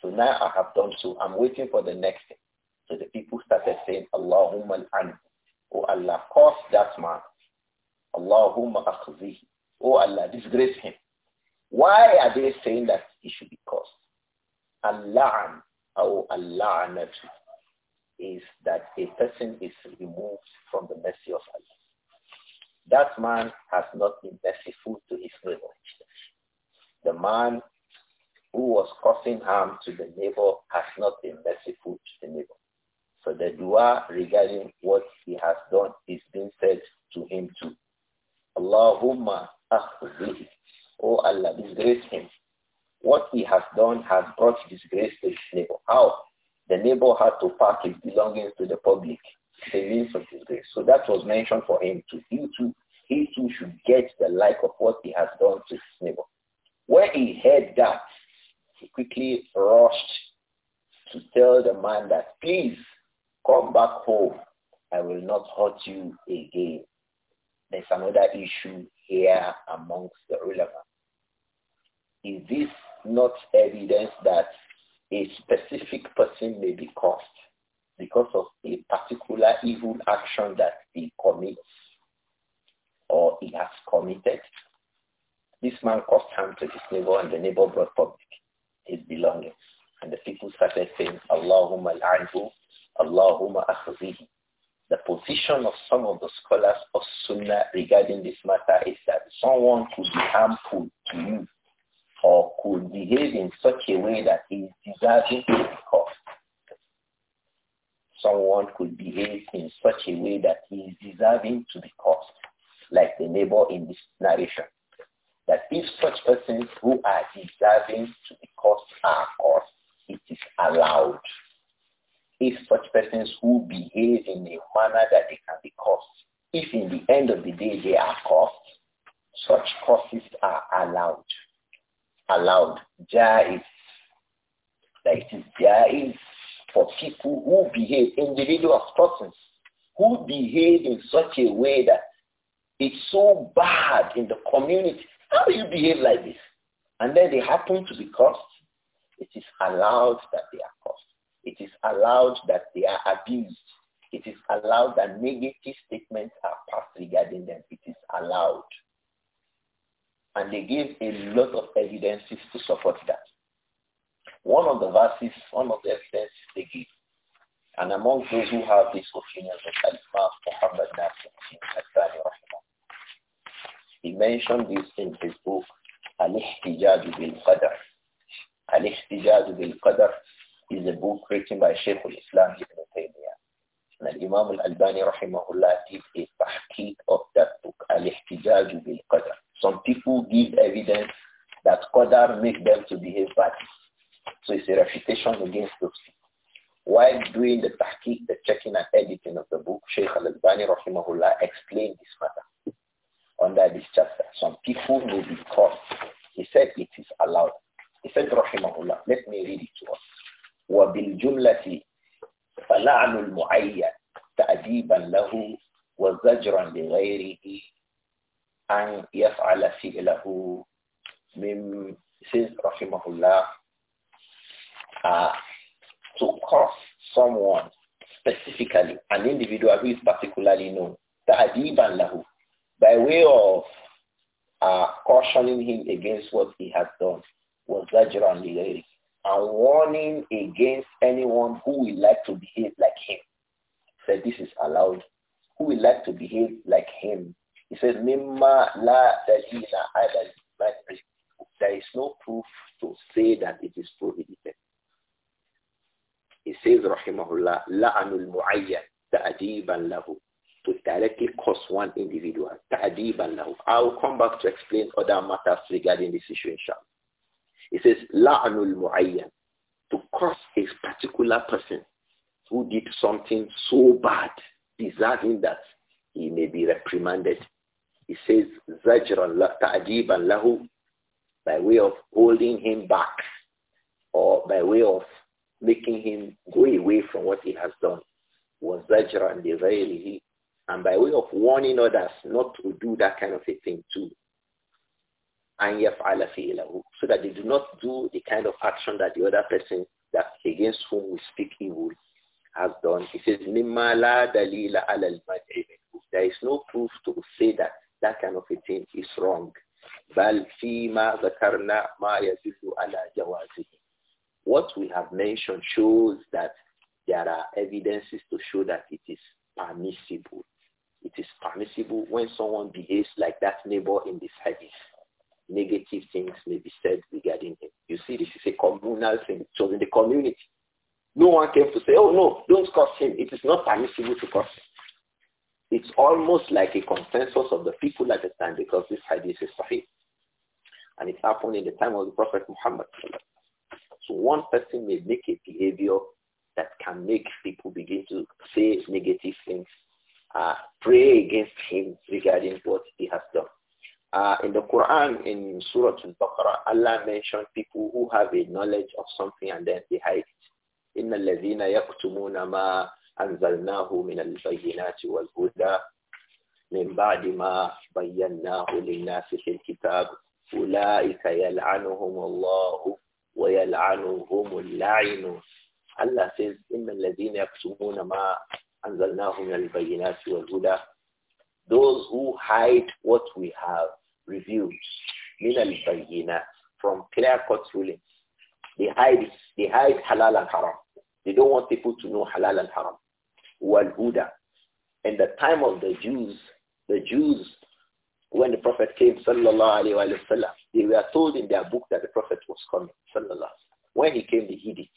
[SPEAKER 1] So now I have done so. I'm waiting for the next thing. So the people started saying, Allahumma al-an. Oh Allah, cause that man. Allahumma akhzihi. Oh Allah, disgrace him. Why are they saying that he should be cursed? Allah oh Allah is that a person is removed from the mercy of Allah. That man has not been merciful to his neighbor. The man who was causing harm to the neighbor has not been merciful to the neighbor. So the dua regarding what he has done is being said to him too. Allahumma Oh Allah, disgrace him. What he has done has brought disgrace to his neighbor. How? The neighbor had to pack his belongings to the public. The means of disgrace. So that was mentioned for him to he too, he too should get the like of what he has done to his neighbor. When he heard that, he quickly rushed to tell the man that, please come back home. I will not hurt you again. There's another issue here amongst the ulama. Is this not evidence that a specific person may be cursed because of a particular evil action that he commits or he has committed? This man caused harm to his neighbor and the neighbor brought public his belongings. And the people started saying, Allahumma al-anhu, Allahumma akhzihi. The position of some of the scholars of Sunnah regarding this matter is that someone could be harmful to you or could behave in such a way that he is deserving to be cursed. Someone could behave in such a way that he is deserving to be cursed, like the neighbor in this narration. That if such persons who are deserving to be cursed are cursed, it is allowed if such persons who behave in a manner that they can be cursed, if in the end of the day they are cursed, such curses are allowed. Allowed. There is, That it is for people who behave, individual persons, who behave in such a way that it's so bad in the community. How do you behave like this? And then they happen to be cursed. It is allowed that they are it is allowed that they are abused. It is allowed that negative statements are passed regarding them. It is allowed. And they give a lot of evidences to support that. One of the verses, one of the evidences they give, and among those who have this opinion, of Al-Imam Muhammad Nasir he mentioned this in his book, Al-Ihtijaj bil-Qadr. Al-Ihtijaj bil-Qadr is a book written by Sheikh al-Islam Ibn Taymiyyah. And Imam al-Albani rahimahullah did a tahqiq of that book, Al-Ihtijaj bil-Qadr. Some people give evidence that Qadr make them to behave badly. So it's a refutation against those people. While doing the tahqiq, اللعن المعين تأديبا له وزجرا لغيره أن يفعل فعله other matters regarding this issue, It says, La'anul mu'ayyan, to curse a particular person who did something so bad, deserving that he may be reprimanded. He says, Zajran ta'jiban lahu, by way of holding him back, or by way of making him go away from what he has done. Was Zajran and by way of warning others not to do that kind of a thing. action that the other person that against whom we speak evil has done. He says, dalila There is no proof to say that that kind of a thing is wrong. Bal ala What we have mentioned shows that there are evidences to show that it is permissible. It is permissible when someone behaves like that neighbor in this hadith negative things may be said regarding him. You see, this is a communal thing. So, in the community. No one came to say, oh no, don't curse him. It is not permissible to curse him. It's almost like a consensus of the people at the time because this hadith is sahih. And it happened in the time of the Prophet Muhammad. So one person may make a behavior that can make people begin to say negative things, uh, pray against him regarding what he has done. Uh, in the Quran, in Surah Al-Baqarah, Allah mentioned people who have a knowledge of something and then they hide it. إِنَّ الَّذِينَ يَكْتُمُونَ مَا أَنزَلْنَاهُ مِنَ الْبَيِّنَاتِ وَالْهُدَى من بعد ما بيناه للناس في الكتاب أولئك يلعنهم الله ويلعنهم اللاعنون Allah says إن الذين يكتمون ما أنزلناه من البينات والهدى those who hide what we have Reviews. from clear courts rulings. They hide, they hide halal and haram. They don't want people to know halal and haram. Wal huda. In the time of the Jews, the Jews, when the Prophet came, sallallahu alayhi wa sallam, they were told in their book that the Prophet was coming, sallallahu When he came, they hid it.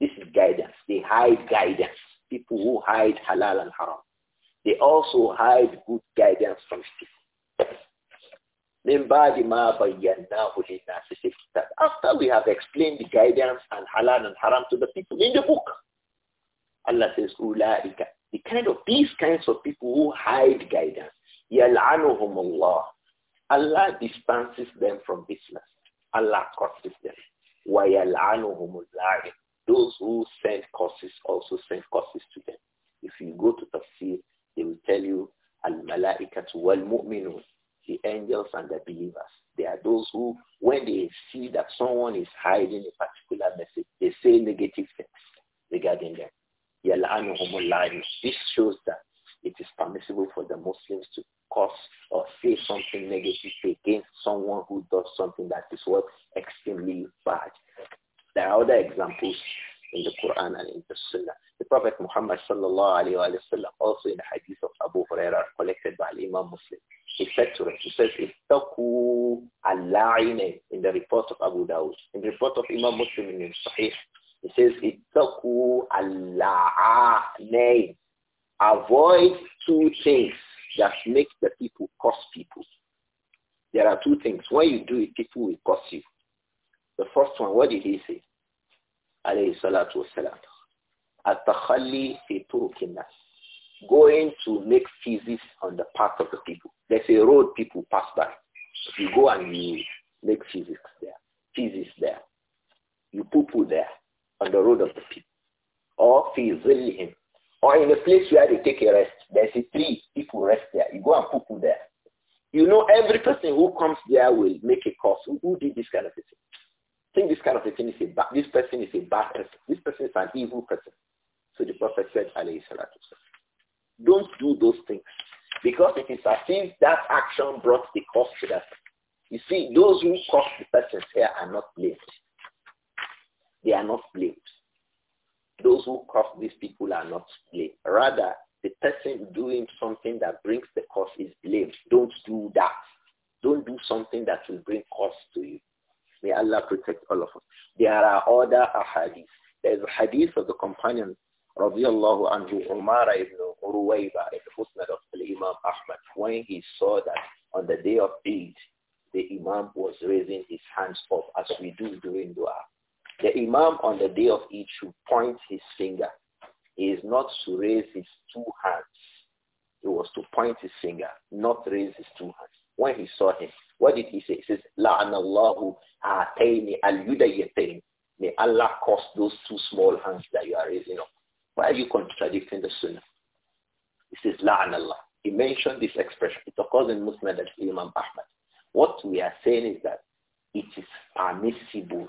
[SPEAKER 1] This is guidance. They hide guidance. People who hide halal and haram. They also hide good guidance from people after we have explained the guidance and halal and haram to the people in the book Allah says أولئك the kind of these kinds of people who hide guidance يلعنهم Allah, Allah dispenses them from business Allah curses them ويلعنهم اللاعب those who send curses also send curses to them if you go to tafsir they will tell you al-malaikatu wal-mu'minun the angels and the believers. They are those who, when they see that someone is hiding a particular message, they say negative things regarding them. This shows that it is permissible for the Muslims to curse or say something negative against someone who does something that is what extremely bad. There are other examples in the Quran and in the Sunnah. The Prophet Muhammad sallallahu alayhi wa sallam also in the hadith of Abu Huraira collected by Imam Muslim he said to says, Ittaku al-la'ine in the report of Abu Dawud. In the report of Imam Muslim in Sahih, he says, Ittaku al-la'ine. Avoid two things that make the people curse people. There are two things. When you do it, people will curse you. The first one, what did he say? Alayhi salatu wasalam. At-takhalli fi turukin Going to make physics on the part of the people. There's a road people pass by. You go and you make physics there, physics there. You poo-poo there on the road of the people. Or him. Or in a place where they take a rest, there's a tree, people rest there. You go and poo-poo there. You know every person who comes there will make a call. Who, who did this kind of thing? think this kind of a thing is a bad, this person is a bad person. This person is an evil person. So the Prophet said, Don't do those things. Because it is as if that action brought the cost to that. You see, those who cost the person's here are not blamed. They are not blamed. Those who cost these people are not blamed. Rather, the person doing something that brings the cost is blamed. Don't do that. Don't do something that will bring cost to you. May Allah protect all of us. There are other ahadith. There is a hadith of the companions. رضي الله عنه عمر ibn Uruwayba in of Imam Ahmad when he saw that on the day of Eid the Imam was raising his hands up as we do during Dua. The Imam on the day of Eid should point his finger. He is not to raise his two hands. He was to point his finger, not raise his two hands. When he saw him, what did he say? He says, La'anallahu atayni al-yudayyatain. May Allah cause those two small hands that you are raising up. Why are you contradicting the Sunnah? He says, Allah. He mentioned this expression. It occurs in Muslim that Imam Ahmad. What we are saying is that it is permissible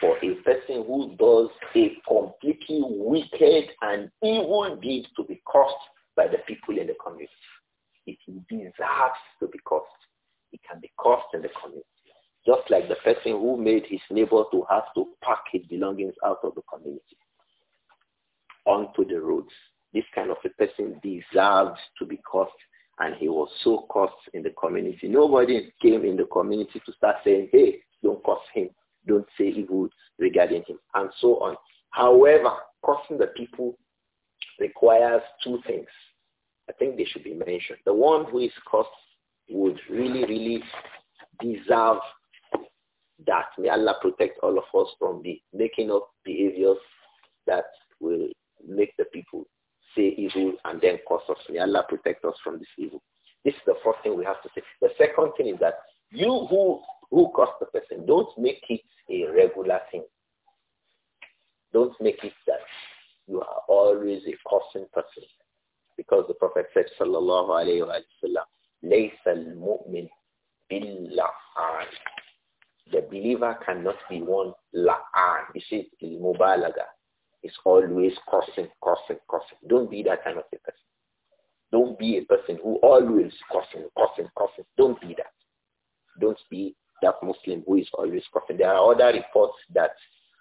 [SPEAKER 1] for a person who does a completely wicked and evil deed to be cursed by the people in the community. It deserves to be cursed. It can be cursed in the community. Just like the person who made his neighbor to have to pack his belongings out of the community onto the roads. This kind of a person deserved to be cursed and he was so cursed in the community. Nobody came in the community to start saying, hey, don't curse him, don't say evil regarding him, and so on. However, cursing the people requires two things. I think they should be mentioned. The one who is cursed would really, really deserve that. May Allah protect all of us from the making of behaviors that will make the people say evil and then cause us. May Allah protect us from this evil. This is the first thing we have to say. The second thing is that you who who caused the person, don't make it a regular thing. Don't make it that you are always a causing person. Because the Prophet said, Sallallahu Alaihi Wasallam, Laysa mumin billa'an. The believer cannot be one la'an. This is it's mubalaga is always cursing, cursing, cursing. Don't be that kind of a person. Don't be a person who always cursing, cursing, cursing. Don't be that. Don't be that Muslim who is always cursing. There are other reports that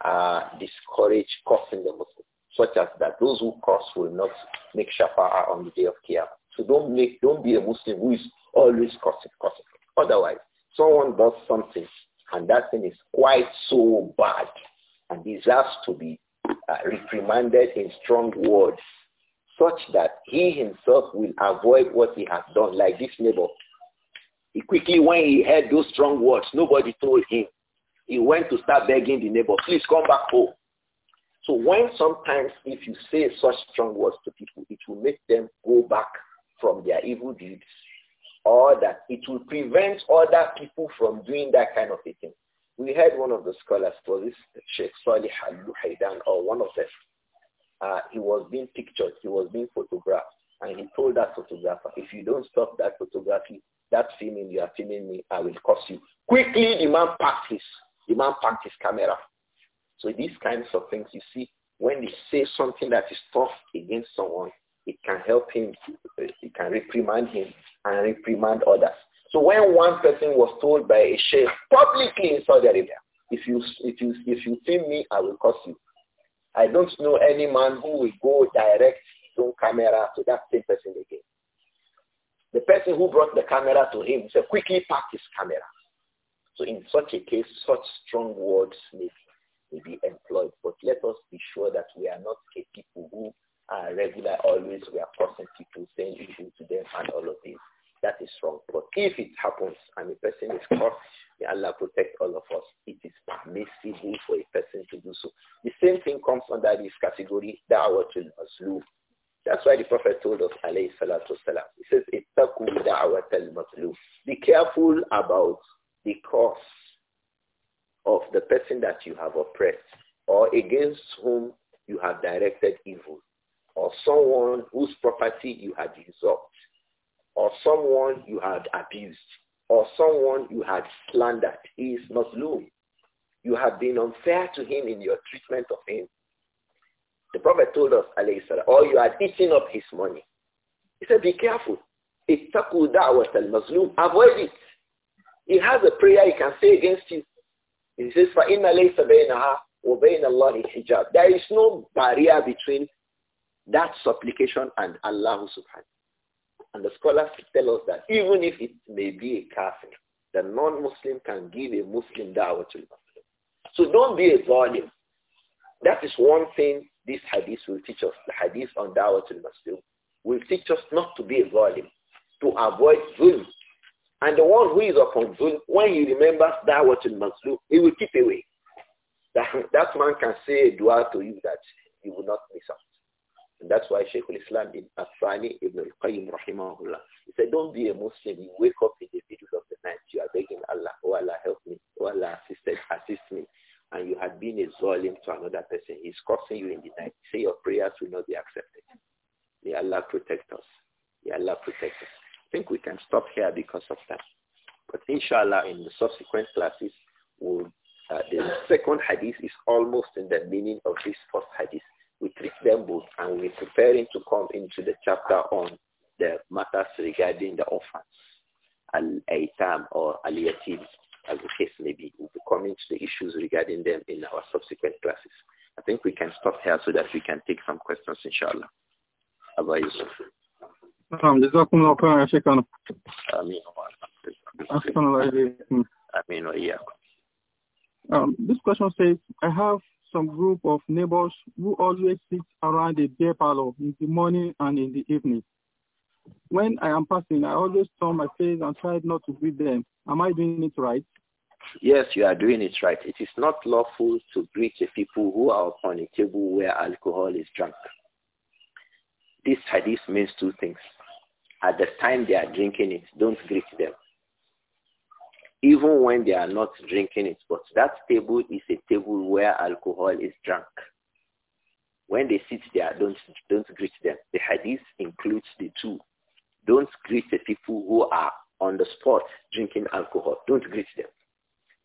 [SPEAKER 1] uh, discourage cursing the Muslim, such as that those who curse will not make shafa'a on the day of Qiyamah. So don't make, don't be a Muslim who is always cursing, cursing. Otherwise, someone does something and that thing is quite so bad and deserves to be reprimanded in strong words such that he himself will avoid what he has done, like this neighbor. He quickly, when he heard those strong words, nobody told him. He went to start begging the neighbor, please come back home. So when sometimes if you say such strong words to people, it will make them go back from their evil deeds or that it will prevent other people from doing that kind of a thing. We had one of the scholars for this Sheikh Salih al-Luhaydan or one of them. Uh, he was being pictured, he was being photographed, and he told that photographer, if you don't stop that photography, that filming you are filming me, I will curse you. Quickly, the man packed his, the man packed his camera. So these kinds of things, you see, when they say something that is tough against someone, it can help him, uh, it can reprimand him and reprimand others. So when one person was told by a sheikh publicly in Saudi Arabia, if you, if you, if you see me, I will curse you. I don't know any man who will go direct his camera to that same person again. The person who brought the camera to him said, quickly pack his camera. So in such a case, such strong words may, may be employed. But let us be sure that we are not a people who are regular always. We are cursing people, saying evil to them and all of this. That is wrong. But if it happens and a person is caught, may Allah protect all of us. It is permissible for a person to do so. The same thing comes under this category, da'watul maslum. That's why the Prophet told us, alayhi salatu salam, he says, ittaku da'watul maslum. Be careful about the cause of the person that you have oppressed or against whom you have directed evil or someone whose property you had usurped or someone you had abused or someone you had slandered he is Muslim. You have been unfair to him in your treatment of him. The Prophet told us, salam, or you had eaten up his money. He said, be careful. Ittaqu da'wat al-mazlum. Avoid it. He has a prayer he can say against you. He says, فَإِنَّ لَيْسَ hijab. There is no barrier between that supplication and Allah subhanahu and the scholars tell us that even if it may be a kafir, the non-Muslim can give a Muslim da'wah to Muslim. So don't be a zalim. That is one thing this hadith will teach us. The hadith on da'wah to Muslim will teach us not to be a zalim, to avoid zulm. And the one who is upon zulm, when he remembers da'wah to Muslim, he will keep away. That, that man can say a dua to you that he will not miss out. And that's why Sheikh al-Islam in Asani ibn al-Qayyim rahimahullah, he said, don't be a Muslim. You wake up in the middle of the night. You are begging Allah, oh Allah, help me. Oh Allah, assist, assist me. And you had been a zalim to another person. He's cursing you in the night. Say your prayers will not be accepted. May Allah protect us. May Allah protect us. I think we can stop here because of that. But inshallah, in the subsequent classes, we'll, uh, the second hadith is almost in the meaning of this first hadith. We treat them both and we're preparing to come into the chapter on the matters regarding the orphans, and aitam or al as the case may be. We'll be coming to the issues regarding them in our subsequent classes. I think we can stop here so that we can take some questions, inshallah. Abba Yusuf.
[SPEAKER 2] جزاكم
[SPEAKER 1] الله
[SPEAKER 2] Um, this question says, I have some group of neighbors who always sit around the beer parlor in the morning and in the evening. When I am passing, I always turn my face and try not to greet them. Am I doing it right?
[SPEAKER 1] Yes, you are doing it right. It is not lawful to greet the people who are upon a table where alcohol is drunk. This hadith means two things. At the time they are drinking it, don't greet them even when they are not drinking it. But that table is a table where alcohol is drunk. When they sit there, don't, don't greet them. The hadith includes the two. Don't greet the people who are on the spot drinking alcohol. Don't greet them.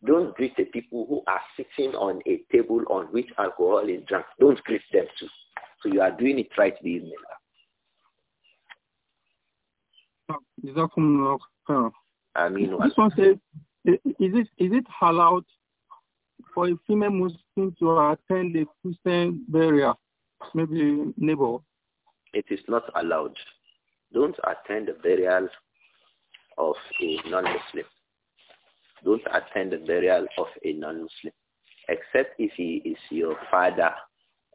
[SPEAKER 1] Don't greet the people who are sitting on a table on which alcohol is drunk. Don't greet them too. So you are doing it right, the evening. this one
[SPEAKER 2] says, is it is it allowed for a female Muslim to attend the Christian burial, maybe neighbor?
[SPEAKER 1] It is not allowed. Don't attend the burial of a non-Muslim. Don't attend the burial of a non-Muslim, except if he is your father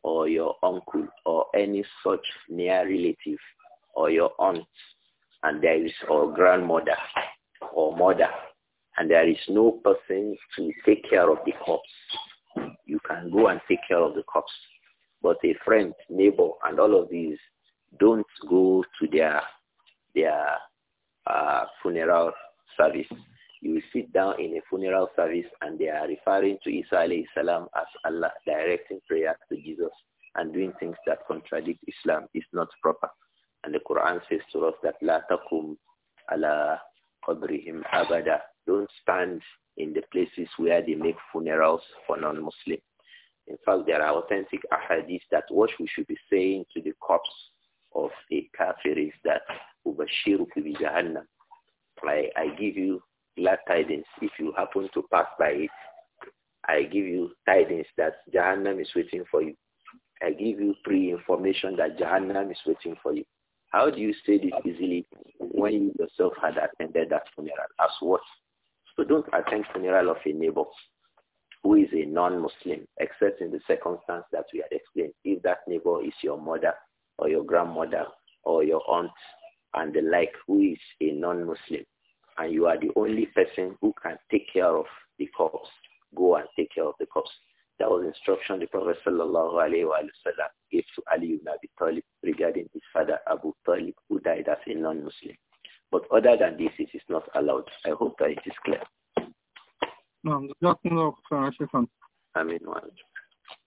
[SPEAKER 1] or your uncle or any such near relative or your aunt and there is or grandmother or mother and there is no person to take care of the corpse. You can go and take care of the corpse. But a friend, neighbor, and all of these don't go to their their uh, funeral service. You sit down in a funeral service and they are referring to Isa alayhi salam as Allah, directing prayer to Jesus and doing things that contradict Islam is not proper. And the Quran says to us that لا تقم على قبرهم أبدا don't stand in the places where they make funerals for non muslims In fact, there are authentic ahadith that what we should be saying to the corpse of a kafir is that Ubashiru bi Jahannam. I, I give you glad tidings if you happen to pass by it. I give you tidings that Jahannam is waiting for you. I give you pre-information that Jahannam is waiting for you. How do you say this easily when you yourself had attended that funeral? As what? So don't attend funeral of a neighbor who is a non-Muslim, except in the circumstance that we had explained. If that neighbor is your mother or your grandmother or your aunt and the like who is a non-Muslim, and you are the only person who can take care of the corpse, go and take care of the corpse. That was instruction the Prophet sallallahu alaihi wasallam gave to Ali ibn Abi Talib regarding his father Abu Talib, who died as a non-Muslim. But other than this, it is not allowed. I hope that it is clear. I mean, one.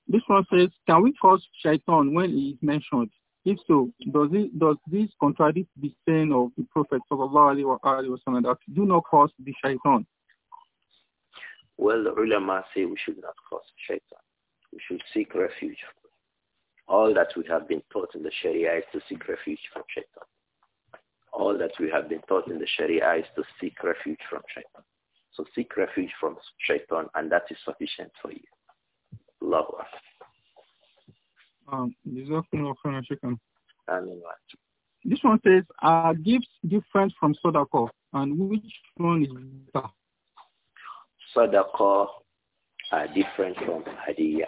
[SPEAKER 2] This one says, can we cause shaitan when he is mentioned? If so, does it does this contradict the saying of the Prophet sallallahu
[SPEAKER 1] alaihi wasallam that
[SPEAKER 2] do not cause the shaitan?
[SPEAKER 1] Well, the ulama say we should not cause shaitan. We should seek refuge. All that we have been taught in the Sharia is to seek refuge from shaitan all that we have been taught in the Sharia is to seek refuge from shaitan. So seek refuge from shaitan and that is sufficient for you. Love us.
[SPEAKER 2] Um, this one says, are gifts different from Sadaqah? And which one is better?
[SPEAKER 1] Sadaqah are different from Hadiyah.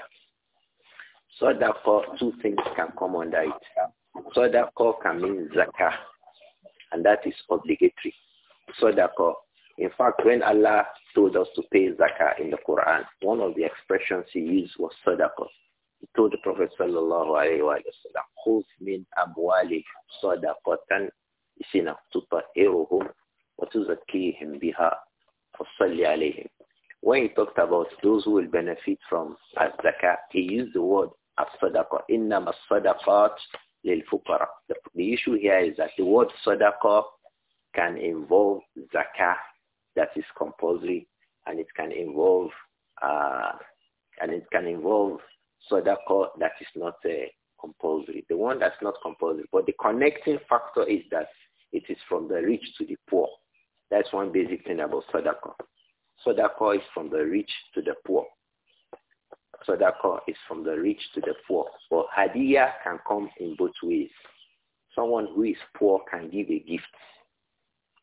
[SPEAKER 1] Sadaqah, two things can come under it. Sadaqah can mean zakah and that is obligatory. Sadaqah. In fact, when Allah told us to pay zakah in the Quran, one of the expressions he used was sadaqah. He told the Prophet sallallahu alayhi wa sallam, خُذْ مِنْ أَمْوَالِكَ صَدَقَةً إِسِنَا تُطَهِرُهُمْ وَتُزَكِّيهِمْ بِهَا فَصَلِّ عَلَيْهِمْ When he talked about those who will benefit from zakah, he used the word as-sadaqah. إِنَّمَا الصَّدَقَاتِ للفقراء. The, issue here is that the word sadaqah can involve zakah that is compulsory and it can involve uh, and it can involve sadaqah that is not uh, compulsory. The one that's not compulsory, but the connecting factor is that it is from the rich to the poor. That's one basic thing about sadaqah. Sadaqah is from the rich to the poor. Sadaqah is from the rich to the poor. But Hadiyah can come in both ways. Someone who is poor can give a gift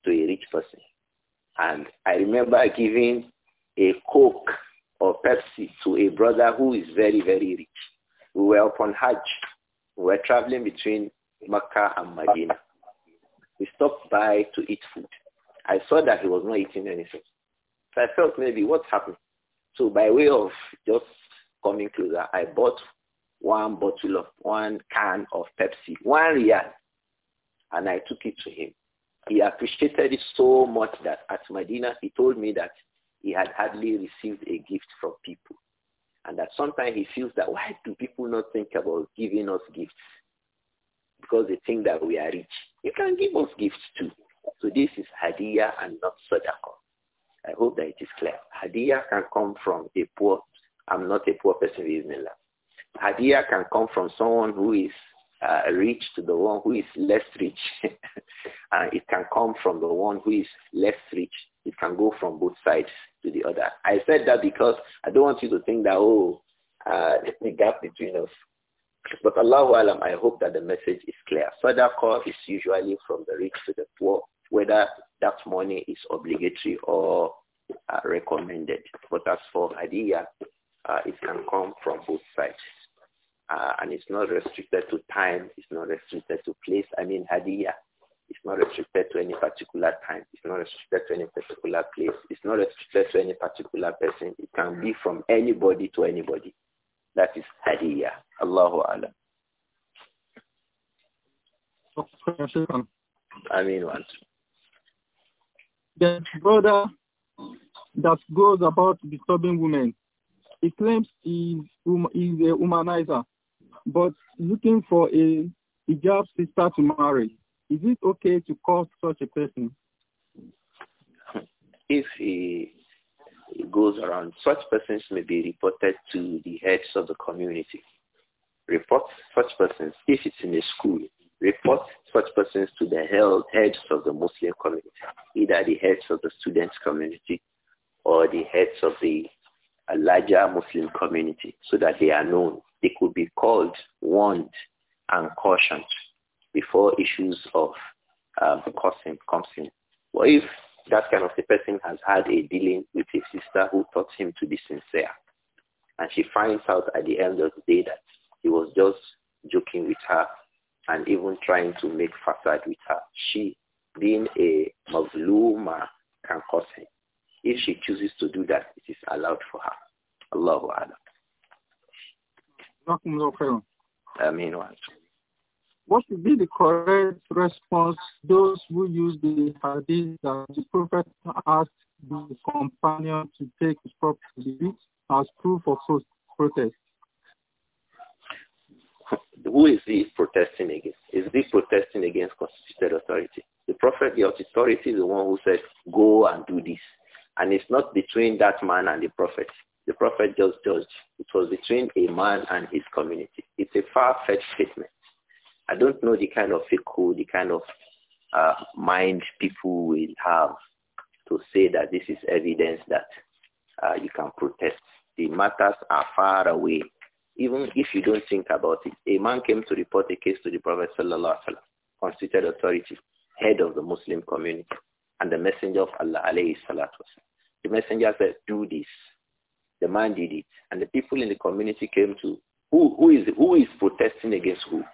[SPEAKER 1] to a rich person. And I remember giving a Coke or Pepsi to a brother who is very, very rich. We were upon Hajj. We were traveling between Makkah and Medina. We stopped by to eat food. I saw that he was not eating anything. So I felt maybe what's happened. So by way of just coming closer, I bought one bottle of, one can of Pepsi, one real, and I took it to him. He appreciated it so much that at Medina, he told me that he had hardly received a gift from people. And that sometimes he feels that why do people not think about giving us gifts? Because they think that we are rich. You can give us gifts too. So this is hadiah and not sadaqah. I hope that it is clear. Hadiah can come from a poor I'm not a poor person with Allah. Hadiah can come from someone who is uh, rich to the one who is less rich. uh, it can come from the one who is less rich. It can go from both sides to the other. I said that because I don't want you to think that, oh, uh, there's a gap between us. But Allahu Alam, I hope that the message is clear. Sadaqah is usually from the rich to the poor, whether that money is obligatory or uh, recommended. But as for Hadiyah, uh, it can come from both sides. Uh, and it's not restricted to time. It's not restricted to place. I mean, hadiya. It's not restricted to any particular time. It's not restricted to any particular place. It's not restricted to any particular person. It can be from anybody to anybody. That is hadiya. Allahu Alam. I mean what? The brother
[SPEAKER 2] that goes about disturbing women he claims he's, he's a humanizer, but looking for a hijab sister to marry. Is it okay to call such a person?
[SPEAKER 1] If he, he goes around, such persons may be reported to the heads of the community. Report such persons, if it's in a school, report such persons to the heads of the Muslim community, either the heads of the students' community or the heads of the a larger Muslim community so that they are known. They could be called, warned, and cautioned before issues of um, cursing comes in. What if that kind of a person has had a dealing with a sister who taught him to be sincere? And she finds out at the end of the day that he was just joking with her and even trying to make facade with her. She, being a Mavluma, can cause him. If she chooses to do that, it is allowed for her. Allahu
[SPEAKER 2] Alam. Ameen. What would be the correct response those who use the hadith that the Prophet asked the companion to take his property as proof of protest?
[SPEAKER 1] who is he protesting against? Is he protesting against constituted authority? The prophet, the authority is the one who said, go and do this. And it's not between that man and the prophet. The prophet just judged. It was between a man and his community. It's a far-fetched statement. I don't know the kind of fickle, the kind of uh, mind people will have to say that this is evidence that uh, you can protest. The matters are far away. Even if you don't think about it, a man came to report a case to the Prophet Sallallahu Alaihi Wasallam, constituted authority, head of the Muslim community, and the messenger of Allah alayhi salatu the messenger said, do this. The man did it. And the people in the community came to, who, who, is, who is protesting against who?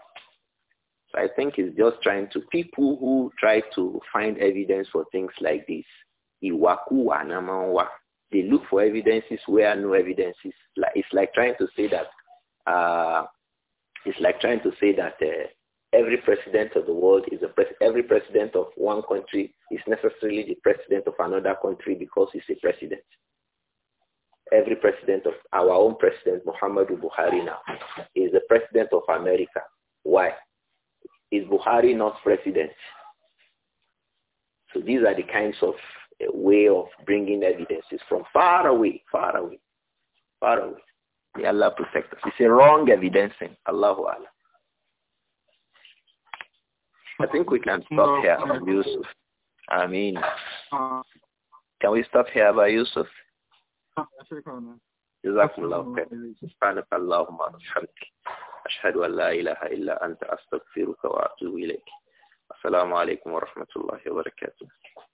[SPEAKER 1] So I think it's just trying to, people who try to find evidence for things like this, iwakuwa namanwa, they look for evidences where no evidences. Like, it's like trying to say that, uh, it's like trying to say that uh, Every president of the world is a pres- every president of one country is necessarily the president of another country because he's a president. Every president of our own president, Muhammadu Buhari now, is the president of America. Why? Is Buhari not president? So these are the kinds of uh, way of bringing evidences from far away, far away, far away. May Allah protect us. It's a wrong evidencing. Allahu Allah. I think we can stop here, Abu Yusuf. I mean,
[SPEAKER 2] can
[SPEAKER 1] we stop here, Abu Yusuf? جزاكم الله خير سبحانك اللهم وبحمدك أشهد أن لا إله إلا أنت أستغفرك وأتوب إليك السلام عليكم ورحمة الله وبركاته